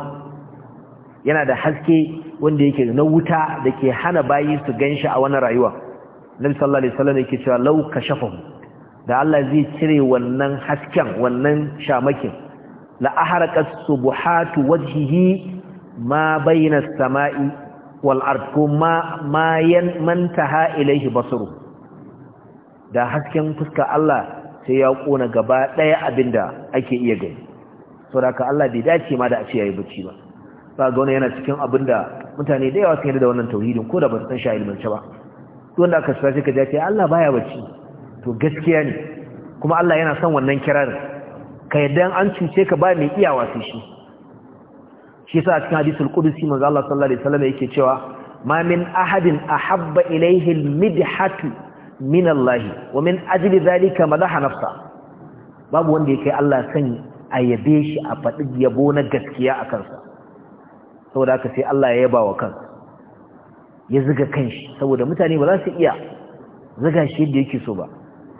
yana da haske wanda yake na wuta da ke hana bayi su ganshi a wannan rayuwa nabi sallallahu alaihi wasallam yake cewa law kashafahu da Allah zai cire wannan hasken wannan shamakin la aharaqas subuhatu wajhihi ma bai na samai wal ma yan mantaha ilayhi basru da hasken fuska Allah sai ya kona gaba daya abinda ake iya gani saboda Allah bai dace ma da a ce yayi bacci ba ba ga wannan yana cikin abinda mutane da yawa sun yadda da wannan tauhidin ko da ba su san shi ilmance ba duk wanda aka sai ka ce Allah baya bacci to gaskiya ne kuma Allah yana son wannan kirarin ka yadda an cuce ka ba mai iyawa sai shi shi yasa a cikin hadisul qudsi manzo Allah sallallahu alaihi wasallam yake cewa ma min ahadin ahabba ilayhi almidhatu min Allah wa min ajli dhalika madaha nafsa babu wanda yake Allah sani a yabe shi a faɗi yabo na gaskiya a kansa saboda haka sai Allah ya yaba wa kansa ya zuga kanshi saboda mutane ba za su iya zuga shi yadda yake so ba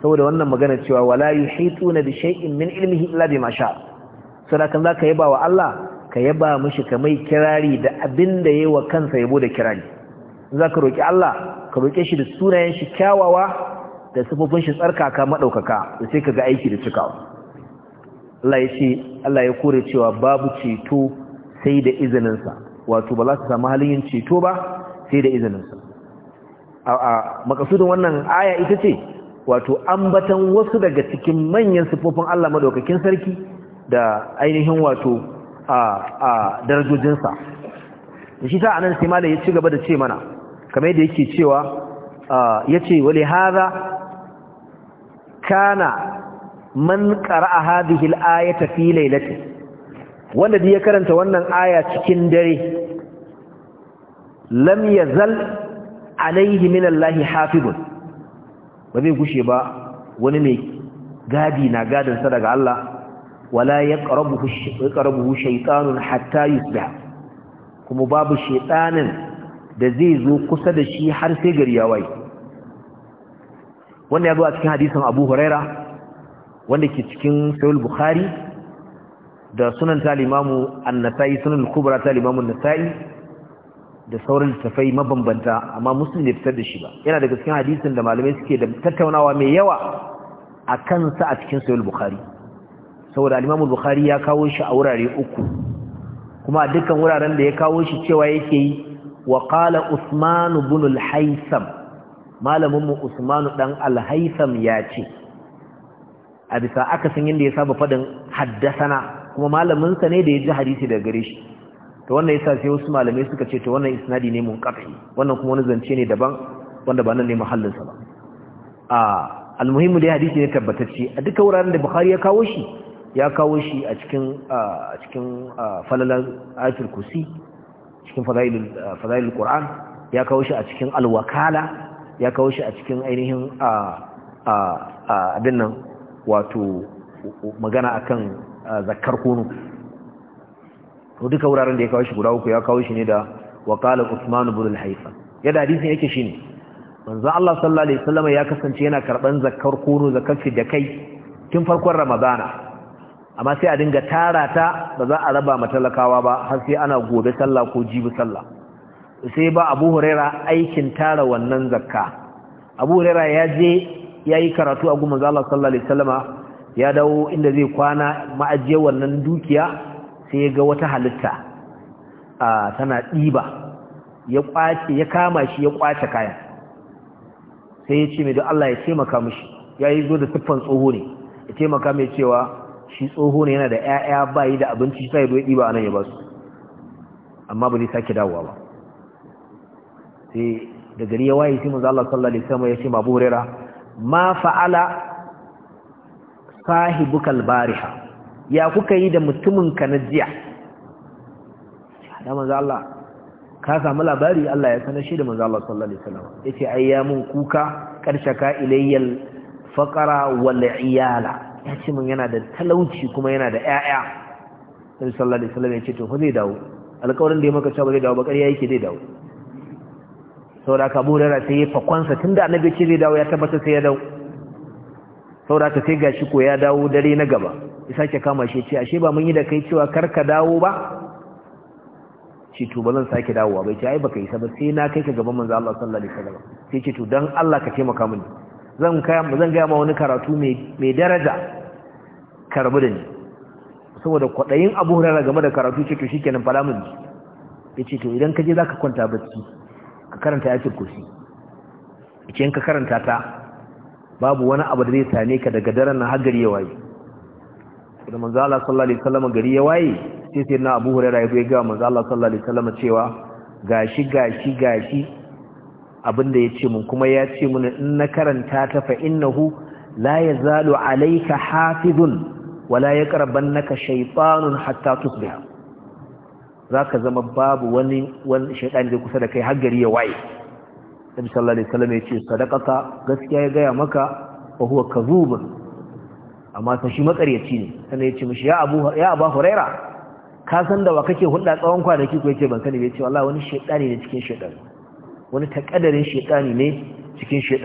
saboda wannan magana cewa wala yuhituna bi shay'in min ilmihi illa bima sha saboda kan zaka yaba wa Allah ka yaba mishi ka mai kirari da abin da ya yi wa kansa yabo da kirari za ka roƙi Allah ka roke shi da sunayen shi kyawawa da sifofin shi tsarkaka madaukaka da sai ka ga aiki da cikawa Allah ya ce Allah ya kore cewa babu ceto sai da izininsa. wato ba za su samu halin yin ceto ba sai da izininsa. a makasudin wannan aya ita ce wato ambatan wasu daga cikin manyan sifofin Allah madaukakin sarki da ainihin wato a darajojinsa da shi ta anan sai malai ya ci gaba da ce mana kamar yadda yake cewa ya ce wale haza kana man haɗu hadihil ya tafi lailati wanda da ya karanta wannan aya cikin dare lam zal alaihi min Allahi ba zai gushe ba wani mai gadi na gadinsa daga Allah wala ya yaqrabuhu shaitanun hatta yusbih kuma babu shaitanin da zai zo kusa da shi har sai gari ya waye wannan ya zo a cikin hadisin Abu Huraira wanda ke cikin Sahih Bukhari da sunan Talimamu annasai sunan kubra ta nasai da sauran tafai mabambanta amma muslim ne fitar da shi ba yana daga cikin hadisin da malamai suke da tattaunawa mai yawa a kansa a cikin sahih bukhari saboda alimamu bukari Bukhari ya kawo shi a wurare uku kuma dukkan wuraren da ya kawo shi cewa yake yi wa kala usmanu ibn al malamin mu dan alhaisam ya ce a bisa san yadda ya saba fadin haddasana kuma malamin sa ne da ya ji hadisi da gare shi to wannan yasa sai wasu malamai suka ce to wannan isnadi ne mun kafi wannan kuma wani zance ne daban wanda ba nan ne mahallin sa ba a almuhimmu dai hadisi ne tabbatacce a duka wuraren da Bukhari ya kawo shi ya kawo shi a cikin a cikin falalar ayatul kursi cikin fadailul qur'an ya kawo shi a cikin alwakala ya kawo shi a cikin ainihin abin nan wato magana akan zakar kunu duka wuraren da ya kawo shi guda uku ya kawo shi ne da wakala usman ibn al-haytham yadda hadisin yake shine manzo Allah sallallahu alaihi wasallam ya kasance yana karban zakar kunu zakkar da kai tun farkon ramadana amma sai a dinga tara ta ba za a raba matalakawa ba har sai ana gobe sallah ko jibi sallah sai ba abu huraira aikin tara wannan zakka abu huraira ya je ya yi karatu a gumin zala sallallahu alaihi wasallama ya dawo inda zai kwana ma'ajiye wannan dukiya sai ya ga wata halitta a tana ɗiba ya kwace ya kama shi ya kwace kayan sai ya ce mai don Allah ya taimaka mishi ya yi zo da siffan tsoho ne ya taimaka mai cewa shi tsoho ne yana da ƴaƴa bayi da abinci sai ya ɗiba anan ya ba su amma ba zai sake dawowa ba sai da gari ya waye sai manzo Allah sallallahu alaihi wasallam ya ce ma buhurera? ma fa'ala sahibukal bariha ya kuka yi da mutumin ka na jiya da manzo Allah ka samu labari Allah ya sanar shi da manzo Allah sallallahu alaihi wasallam yace ayyamun kuka karshaka ilayyal faqara wal iyala ya ce min yana da talauci kuma yana da ƴaƴa sai sallallahu alaihi wasallam ya ce to fa zai dawo alƙawarin da ya maka cewa zai dawo ba ƙarya yake zai dawo saboda ka Abu Hurairah sai ya fakwansa tunda annabi ce zai dawo ya tabbata sai ya dawo saboda ka sai gashi ko ya dawo dare na gaba ya sake kama shi ya ce ashe ba mun yi da kai cewa kar ka dawo ba ce to ba zan sake dawowa bai ce ai baka yi ba sai na kai ka gaban manzo Allah sallallahu alaihi wasallam sai ce to dan Allah ka taimaka mini zan gaya ma wani karatu mai daraja karbi da ni saboda kwaɗayin abu hurara game da karatu ce to shi kenan falamun ya ce to idan ka je za ka kwanta bacci ka karanta ce kursi ikin ka karanta ta babu wani abu da zai same ka daga daren nan har gari ya waye da manzo Allah sallallahu alaihi wasallam gari ya waye sai sai na Abu Hurairah ya ga manzo Allah sallallahu alaihi wasallam cewa gashi gashi gashi Abin da ya ce mun kuma ya ce mun in na karanta ta fa innahu la yazalu alayka hafizun wala yaqrabannaka shaytanun hatta tusbiha zaka zama babu wani wani shaytan da kusa da kai har gari ya waye Nabi sallallahu alaihi wasallam ya ce sadaqata gaskiya ya gaya maka wa huwa kadhub amma sai shi makaryaci ne sannan ya ce mishi ya Abu ya Abu Huraira ka san da wa kake hulɗa tsawon kwanaki ko yace ban sani ba ce? wallahi wani shaytani ne cikin shaytani wani takadarin shekani ne cikin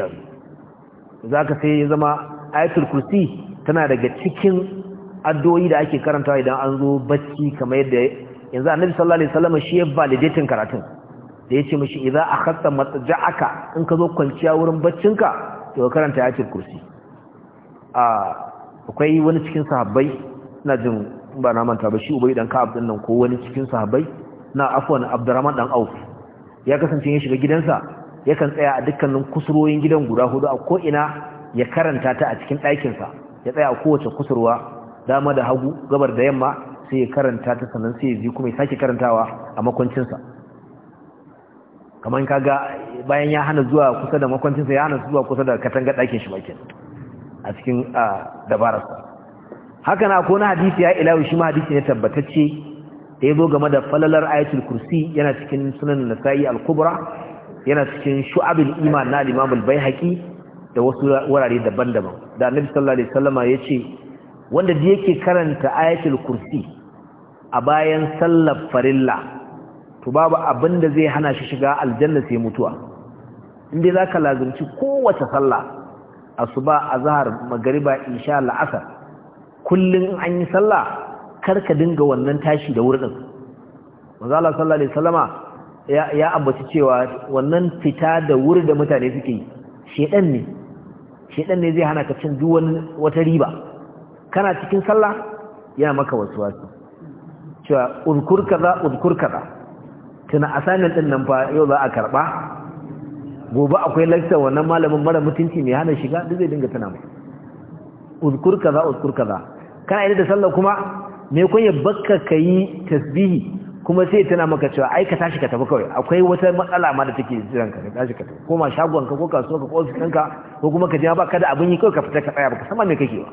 Za ka sai ya zama ayatul kursi tana daga cikin addu'o'i da ake karanta idan an zo bacci kamar yadda yanzu annabi sallallahu alaihi wasallam shi ya validating karatun da yace mishi idza akhadta matja'aka in ka zo kwanciya wurin baccinka to karanta ayatul kursi a akwai wani cikin sahabbai ina jin ba na manta ba shi ubai dan ka'ab din nan ko wani cikin sahabbai na afwan abdurrahman dan auf ya kasance ya shiga gidansa ya kan tsaya a dukkanin kusurwoyin gidan guda hudu a ko'ina ya karanta ta a cikin ɗakinsa ya tsaya a kowace kusurwa dama da hagu gabar da yamma sai ya karanta ta sannan sai ya zi kuma ya sake karantawa a makwancinsa kamar kaga bayan ya hana zuwa kusa da makwancinsa ya hana zuwa kusa da katanga ɗakin shi bakin a cikin dabararsa haka na ko na hadisi ya ilawu shi ma hadisi ne tabbatacce da ya zo game da falalar ayatul kursi yana cikin sunan nasa'i al-kubra yana cikin shu'abul iman na Limamul Baihaki baihaqi da wasu wurare daban-daban da annabi sallallahu alaihi wasallama yace wanda da yake karanta ayatul kursi a bayan sallar farilla to babu abin da zai hana shi shiga aljanna sai mutuwa inda zaka lazumci kowace sallah asuba azhar magriba insha Allah asar kullun an yi sallah karka dinga wannan tashi da wurin maza Allah sallallahu alaihi wasallama ya ambaci cewa wannan fita da wuri da mutane suke shedan ne shedan ne zai hana ka cin duk wani wata riba kana cikin sallah yana maka wasu wasu. cewa uzkur kaza uzkur kaza tuna asanin din nan fa yau za a karba gobe akwai lecture wannan malamin mara mutunci mai hana shiga duk zai dinga tana mai uzkur kaza uzkur kaza kana idan da sallah kuma me kun ya bakka kayi tasbihi kuma sai tana maka cewa ai ka tashi ka tafi kawai akwai wata matsala ma da take jiran ka tashi ka tafi koma shagon ka ko kasuwa ka ko ofis ɗinka ko kuma ka je ba ka da abin yi kawai ka fita ka tsaya ba baka sama me kake ba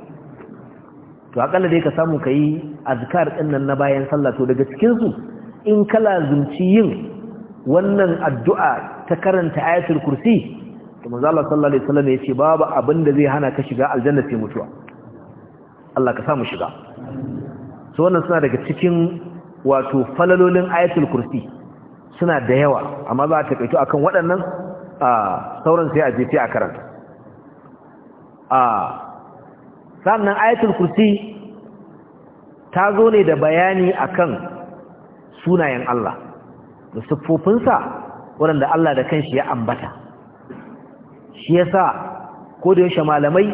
to akalla dai ka samu kayi azkar din nan na bayan sallah to daga cikin su in ka lazumci yin wannan addu'a ta karanta ayatul kursi to manzo Allah sallallahu alaihi wasallam yace babu abin da zai hana ka shiga aljanna sai mutuwa Allah ka samu shiga su wannan suna daga cikin wato falalolin ayatul kursi suna da yawa amma za a taƙaito a kan waɗannan a sauran sai a jefi a karanta a sannan ayatul kursi ta zo ne da bayani akan sunayen Allah da siffofinsa waɗanda Allah da kanshi ya ambata shi yasa ko da yaushe malamai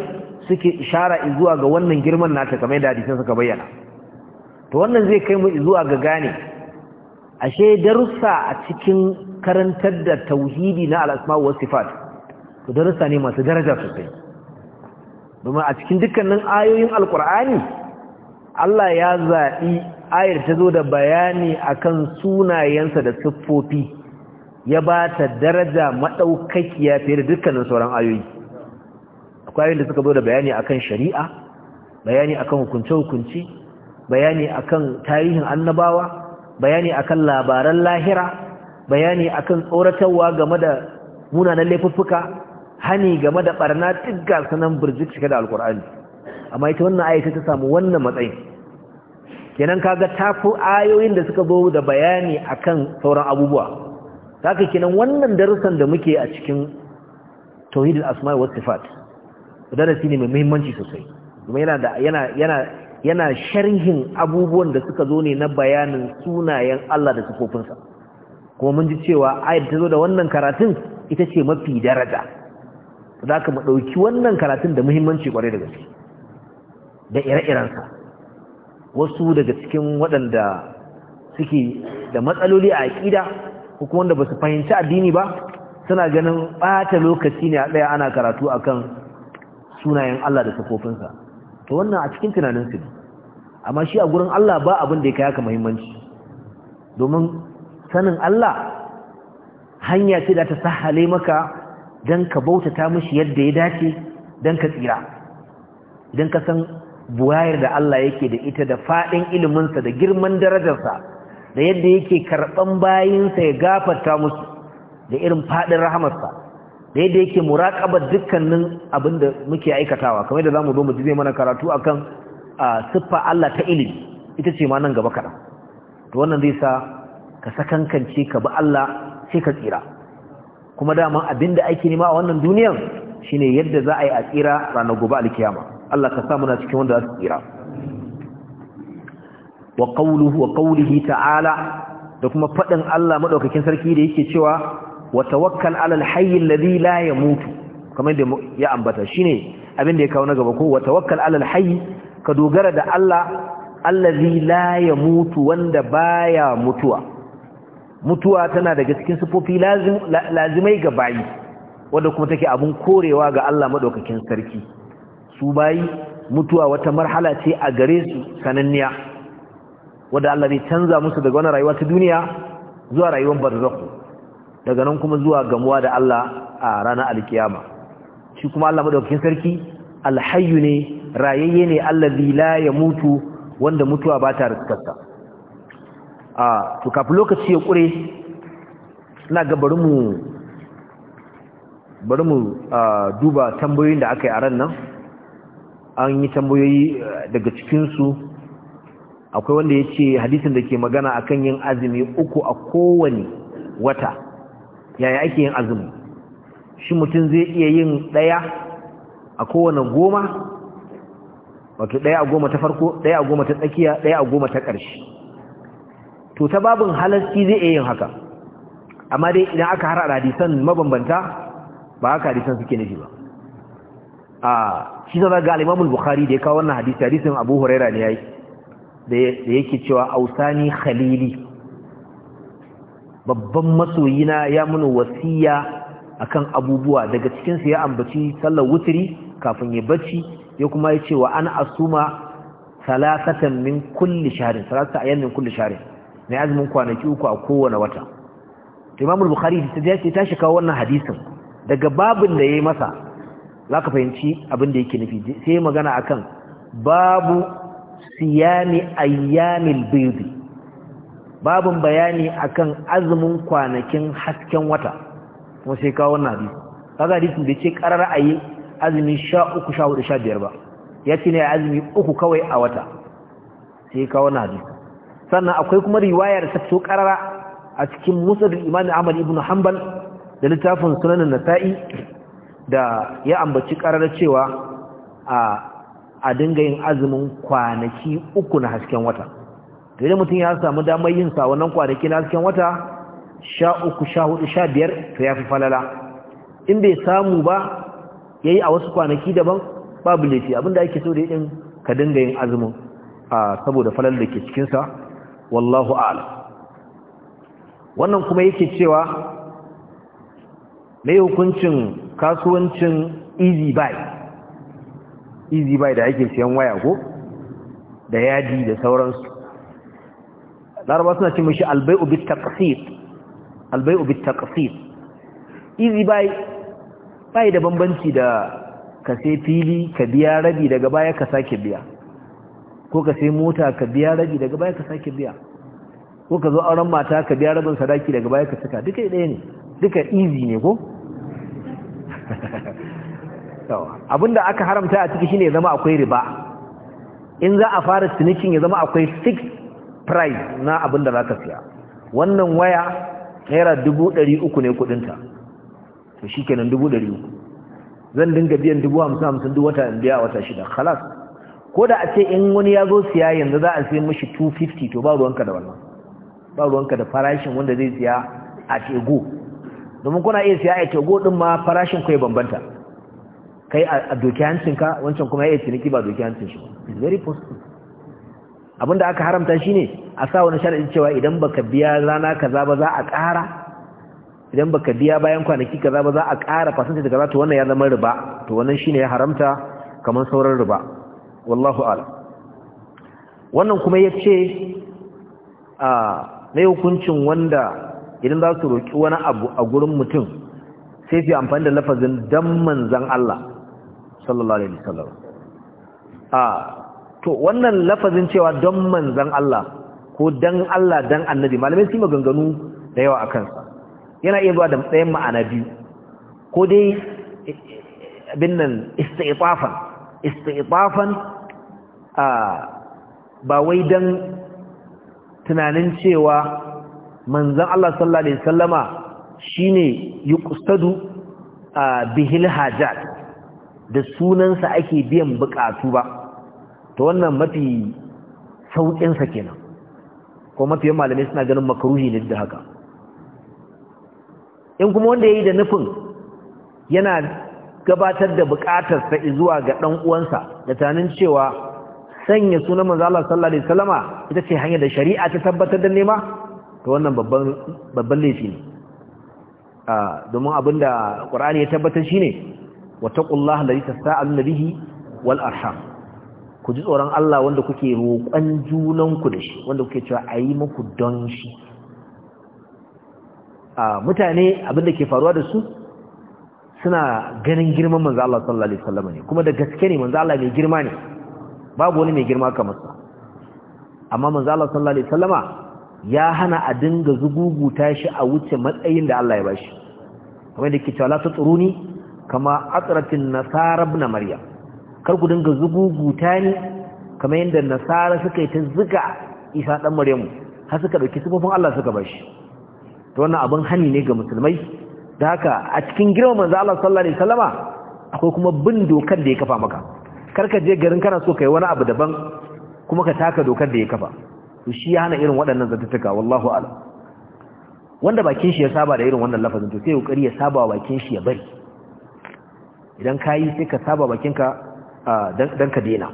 suke ishara zuwa ga wannan girman na ta kamar da hadisin suka bayyana to wannan zai kai mu zuwa ga gane ashe darussa a cikin karantar da tauhidi na al'asma wa sifat to darussa ne masu daraja sosai domin a cikin dukkanin ayoyin alkur'ani Allah ya zaɓi ayar ta zo da bayani akan sunayensa da siffofi ya ba ta daraja maɗaukakiya fiye da dukkanin sauran ayoyi akwai ayoyin da suka zo da bayani akan shari'a bayani akan hukunce-hukunce bayani akan tarihin annabawa bayani akan labaran lahira bayani akan tsoratarwa game da munanan laifuffuka hani game da barna tigga sanan burjik cike da alkur'ani amma ita wannan ayata ta samu wannan matsayin kenan kaga tafi ayoyin da suka zo da bayani akan sauran abubuwa haka kenan wannan darussan da muke a cikin tauhidul asma'i wa sifat darasi ne mai muhimmanci sosai kuma yana yana yana yana sharhin abubuwan da suka zo ne na bayanin sunayen Allah da sifofinsa kuma mun ji cewa ayat ta zo da wannan karatun ita ce mafi daraja za ka maɗauki wannan karatun da muhimmanci kwarai da gaske da ire-irensa wasu daga cikin waɗanda suke da matsaloli a aƙida ko kuma wanda ba su fahimci addini ba suna ganin ɓata lokaci ne a ɗaya ana karatu akan sunayen Allah da sifofinsa to wannan a cikin tunanin su ne amma shi a gurin Allah ba abin da ya kai haka muhimmanci domin sanin Allah hanya ce da ta sahale maka dan ka bautata mashi yadda ya dace dan ka tsira idan ka san buwayar da Allah yake da ita da fadin iliminsa da girman darajarsa da yadda yake karban bayinsa ya gafarta musu da irin fadin rahamarsa da yadda yake muraƙabar dukkanin abin da muke aikatawa kamar da za mu zo mu ji zai mana karatu a kan siffa Allah ta ilimi ita ce ma nan gaba kaɗan to wannan zai sa ka sakankance ka bi Allah sai ka tsira kuma dama abin da ake nema a wannan duniyan shine yadda za a yi a tsira ranar gobe alkiyama Allah ka sa muna cikin wanda za su tsira wa qawluhu wa qawlihi ta'ala da kuma faɗin Allah madaukakin sarki da yake cewa Wata tawakkal alal hayy alladhi la yamut kamar da ya ambata shine abin da ya kawo na gaba ko wata tawakkal alal hayy ka dogara da Allah allazi la yamutu wanda baya mutuwa mutuwa tana daga cikin sifofi lazim lazimai ga bayi wanda kuma take abun korewa ga Allah madaukakin sarki su bayi mutuwa wata marhala ce a gare su sananniya wanda Allah bai canza musu daga wannan rayuwa ta duniya zuwa rayuwar barzakh daga nan kuma zuwa gamuwa da Allah a ranar alkiyama shi kuma Allah madaukakin sarki alhayyu ne rayayye ne allazi la ya mutu wanda mutuwa ba ta riskarta a to kafin lokaci ya kure ina ga bari mu bari mu duba tambayoyin da aka yi a ran nan an yi tambayoyi eh, daga cikinsu akwai wanda ya ce hadisin da ke magana akan yin azumi uku a kowane wata yaya ake yin azumi shi mutum zai iya yin ɗaya a kowane goma wato ɗaya a goma ta farko ɗaya a goma ta tsakiya ɗaya a goma ta ƙarshe to ta babin halarci zai iya yin haka amma dai idan aka har hadisan mabambanta ba haka hadisan suke nufi ba a shi zama ga alimamu da ya kawo wannan hadisi hadisin abu huraira ne ya yi da yake cewa ausani khalili babban masoyina ya mana wasiya akan abubuwa daga cikinsu ya ambaci sallar wuturi kafin ya bacci ya kuma ya ce wa an asuma salasatan min kulli sharin salasa a min kulli shahrin na azumin kwanaki uku a kowane wata Imam bukhari ta shi kawo wannan hadisin daga babin da ya yayi masa za ka fahimci abin da yake nufi sai magana akan babu siyami ayyamil bayd babin bayani akan azumin kwanakin hasken wata kuma sai kawo wannan hadisi kaga hadisin da ce karar ayi azumi 13 14 15 ba yace ne azumi uku kawai a wata sai kawo wannan hadisi sannan akwai kuma riwayar ta to karara a cikin musnad al-Imam Ahmad ibn Hanbal da littafin Sunan an-Nasa'i da ya ambaci karara cewa a a dinga yin azumin kwanaki uku na hasken wata to idan mutum ya samu damar yin sa wannan kwanaki na cikin wata sha uku sha hudu sha biyar to ya fi falala in bai samu ba ya yi a wasu kwanaki daban babu laifi abinda ake so da yi ka dinga yin azumin a saboda falal da ke cikinsa wallahu ala wannan kuma yake cewa mai hukuncin kasuwancin easy buy easy buy da ake siyan waya ko da yadi da sauransu laraba suna ce mashi albai ubi taqsid albai'u bit bai da bambanci da ka sai fili ka biya rabi daga baya ka sake biya ko ka sai mota ka biya rabi daga baya ka sake biya ko ka zo auren mata ka biya rabin sadaki daga baya ka saka duka ɗaya ne duka izi ne ko abinda aka haramta a ciki shine zama akwai riba in za a fara cinikin ya zama akwai fixed price na abin da zaka siya wannan waya naira dubu ɗari uku ne kuɗinta to shikenan 300 dubu ɗari uku zan dinga biyan dubu hamsin hamsin duk wata in biya wata shida khalas ko da a ce in wani ya zo siya yanzu za a sai mishi 250 to ba ruwanka da wannan ba ruwanka da farashin wanda zai siya a tego domin kuna iya siya a tego din ma farashin kai bambanta kai a doki hancinka wancan kuma ya iya ciniki ba doki hancin shi ba it's very possible abinda aka haramta shine a sa wani sharadi cewa idan baka biya rana kaza ba za a ƙara idan baka biya bayan kwanaki kaza ba za a ƙara fasanta daga za to wannan ya zama riba to wannan shine ya haramta kamar sauran riba wallahu ala wannan kuma ya ce a yi hukuncin wanda idan za su roƙi wani abu a gurin mutum sai fi amfani da lafazin dan manzon Allah sallallahu alaihi wasallam a to wannan lafazin cewa don manzan Allah ko don Allah don annabi malamai su maganganu da yawa a kansa. yana iya zuwa da tsayin ma'ana biyu ko dai eh, eh, abin nan isti'fafan isti'tafan a ba wai don tunanin cewa manzan Allah sallallahu alaihi wasallama shine a bihil hajjad da sunansa ake biyan bukatu ba to wannan mafi sauƙinsa kenan ko mafi malamai suna ganin makaruhi ne da haka in kuma wanda ya yi da nufin yana gabatar da buƙatar buƙatarsa zuwa ga ɗan uwansa da tunanin cewa sanya sunan manzo Allah sallallahu alaihi wasallama ita ce hanyar da shari'a ta tabbatar da nema to wannan babban laifi ne domin abinda Qur'ani ya tabbatar shine wattaqullaha allazi al bihi wal arham ku ji tsoron Allah wanda kuke roƙon junanku da shi wanda kuke cewa a yi muku don shi a mutane abinda ke faruwa da su suna ganin girman manzo Allah sallallahu alaihi wasallam ne kuma da gaske ne manzo Allah mai girma ne babu wani mai girma kamar sa amma manzo Allah sallallahu alaihi wasallama ya hana a dinga zuguguta shi a wuce matsayin da Allah ya bashi kamar da ke cewa la tsuruni kama atratin nasara ibn maryam kar ku dinga guta ni kamar yadda nasara suka yi ta zuga isa dan maryamu har suka dauki sifofin Allah suka bashi to wannan abin hani ne ga musulmai da haka a cikin girman manzo Allah sallallahu alaihi wasallama akwai kuma bin dokar da ya kafa maka kar ka je garin kana so kai wani abu daban kuma ka taka dokar da ya kafa to shi ya hana irin waɗannan zantuka wallahu a'lam wanda bakin shi ya saba da irin wannan lafazin to sai kokari ya saba bakin shi ya bari idan kayi sai ka saba bakinka don ka dena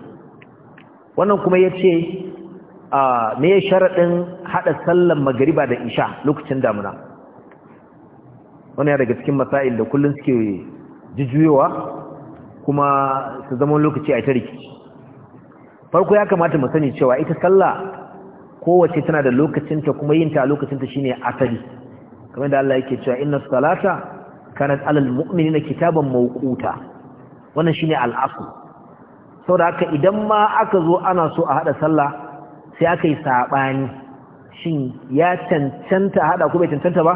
wannan kuma ya ce me sharaɗin haɗa sallan magariba da isha lokacin damuna wani ya daga cikin masail da kullum suke jujjuyowa kuma su zama lokaci a ita rikici farko ya kamata mu sani cewa ita sallah kowace tana da lokacinta kuma yin ta lokacinta shine asali kamar da Allah yake cewa inna salata kanat alal mu'minina kitaban mawquta wannan shine al'asu saboda haka idan ma aka zo ana so a haɗa sallah sai aka yi saɓani shin ya cancanta haɗa ko bai cancanta ba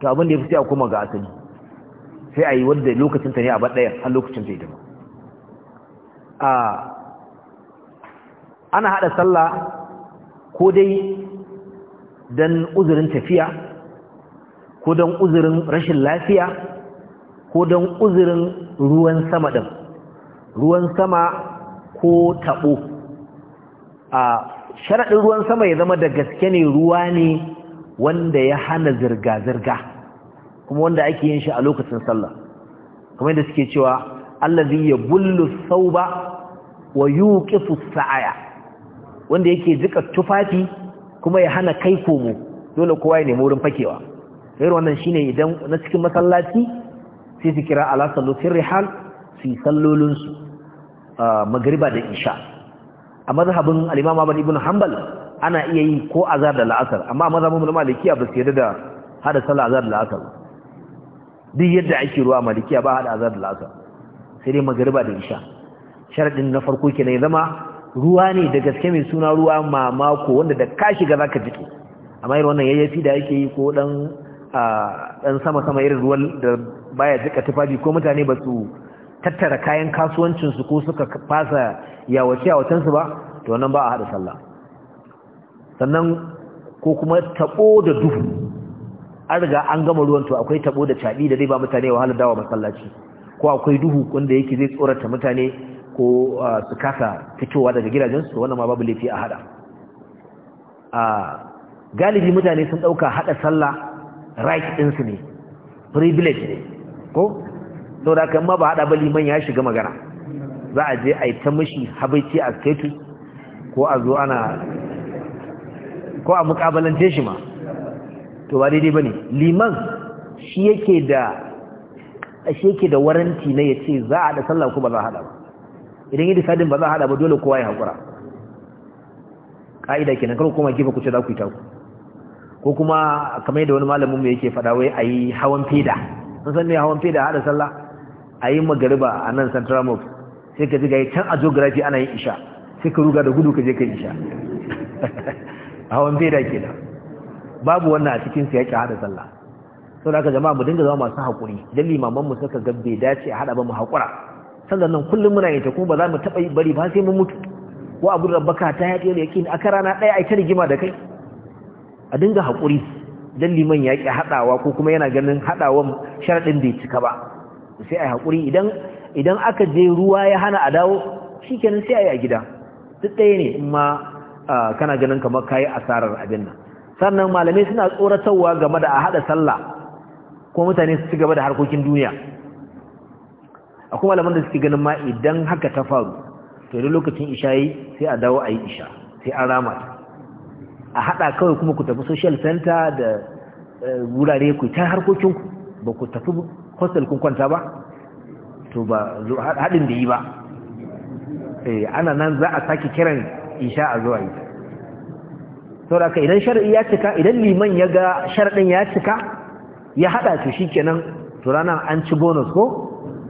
to abin da ya fi sai a koma ga asali sai a yi wadda lokacinta ne a ɗaya har lokacin ta ita ba ana haɗa sallah ko dai don uzurin tafiya ko don uzurin rashin lafiya ko don uzurin ruwan sama ɗin ruwan sama ko taɓo a sharaɗin ruwan sama ya zama da gaske ne ruwa ne wanda ya hana zirga-zirga kuma wanda ake yin shi a lokacin sallah Kuma da suke cewa Allah allazi ya bullu sauba wa yuqifu sa'aya wanda yake jika tufafi kuma ya hana kai komo dole kowa ya nemi wurin fakewa irin wannan shine idan na cikin masallaci sai su kira ala sallu hal su yi sallolinsu magariba da isha a mazhabin al-imam Ahmad ibn Hanbal ana iya yi ko azar da la'asar amma mazhabin maliki ba su yarda da hada sallah azar da la'asar duk yadda ake ruwa malikiya ba hada azar da la'asar sai dai magariba da isha sharadin na farko kenan ya zama ruwa ne da gaske mai suna ruwa mamako wanda da ka shiga zaka jike amma irin wannan yayyafi da ake yi ko dan dan sama sama irin ruwan da baya jika tufafi ko mutane ba su tattara kayan kasuwancinsu ko suka fasa yawace yawacensu ba to nan ba a haɗa sallah sannan ko kuma taɓo da duhu an riga an gama ruwan to akwai taɓo da caɓi da zai ba mutane wahalar dawa masallaci ko akwai duhu wanda yake zai tsorata mutane ko su kasa fitowa daga gidajensu wannan ma babu laifi a haɗa galibi mutane sun ɗauka haɗa sallah right ɗinsu ne privilege ne ko sau da kan ma ba haɗa ba liman ya shiga magana za a je a yi ta mashi habaici a skaitu ko a zo ana ko a mukabalance shi ma to ba daidai ba ne liman shi yake da shi yake da waranti na ya ce za a haɗa sallah ko ba za a haɗa ba idan yi disadin ba za a haɗa ba dole kowa ya haƙura ƙa'ida kenan kar koma gefe kuce za ku yi taku ko kuma kamar yadda wani malamin mu yake faɗa wai a yi hawan feda sun san me hawan feda haɗa sallah a yi magariba a nan central mosque sai ka ziga yi can a geography ana yin isha sai ka ruga da gudu ka je ka isha hawan bai da babu wannan a cikin su yake hada sallah sau da aka jama'a mu dinga zama masu haƙuri idan limaman mu saka ga bai dace a haɗa ba mu haƙura sannan nan kullum muna yin ta kuma ba za mu taɓa yi bari ba sai mu mutu ko abu baka ta yaƙi da a aka rana ɗaya ai ta rigima da kai a dinga haƙuri dan liman ya haɗawa ko kuma yana ganin haɗawan sharaɗin bai cika ba sai a haƙuri idan idan aka je ruwa ya hana a dawo shi kenan sai a yi a gida duk ɗaya ne in ma kana ganin kamar kayi asarar abin nan sannan malamai suna tsoratarwa game da a haɗa sallah ko mutane su ci gaba da harkokin duniya akwai malaman da suke ganin ma idan haka ta faru to idan lokacin isha yi sai a dawo a yi isha sai an rama ta a haɗa kawai kuma ku tafi social center da eh, wurare ku ta harkokinku ba ku tafi hostel kun kwanta ba to ba haɗin da yi ba eh ana nan za a sake kiran isha a zuwa yi da ka idan shar'i ya cika idan liman ya ga sharɗin ya cika ya haɗa to shikenan to ranar an ci bonus ko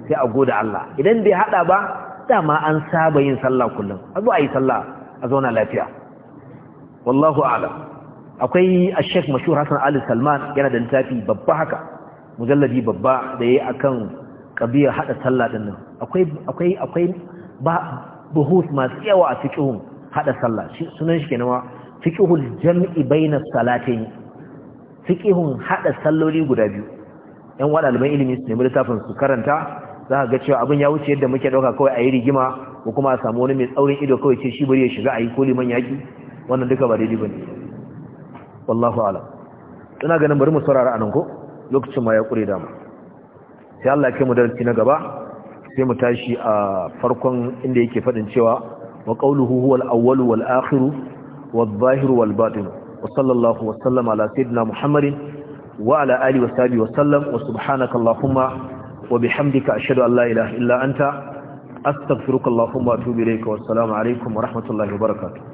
sai a goda Allah idan bai haɗa ba dama an saba yin sallah kullum a zo ayi yi sallah a zauna lafiya wallahu a'lam akwai sheikh mashhur Hassan Ali Salman yana da littafi babba haka mujalladi babba da yayi akan kabiya hada sallah din nan akwai ba buhus masu yawa a fikihun hada sallah sunan shi kenan fiqhul jam'i baina salatayn fiqhun hada salloli guda biyu yan dalibai ilimi su nemi littafin su karanta za ga cewa abin ya wuce yadda muke ɗauka kawai a yi rigima ko kuma a samu wani mai tsaurin ido kawai ce shi bari ya shiga a yi ko liman yaki wannan duka ba daidai bane wallahu a'lam ina ganin bari mu saurara anan ko lokacin ma ya ƙure dama sai Allah ya kai mu darasi na gaba sai mu tashi a farkon inda yake faɗin cewa wa qawluhu huwal awwal wal akhir wal zahir wal batin wa sallallahu wa sallama ala sayyidina muhammadin wa ala ali wa sahbihi wa sallam wa subhanaka allahumma wa bihamdika ashhadu an la ilaha illa anta astaghfiruka allahumma wa atubu ilayka wa assalamu alaikum wa rahmatullahi wa barakatuh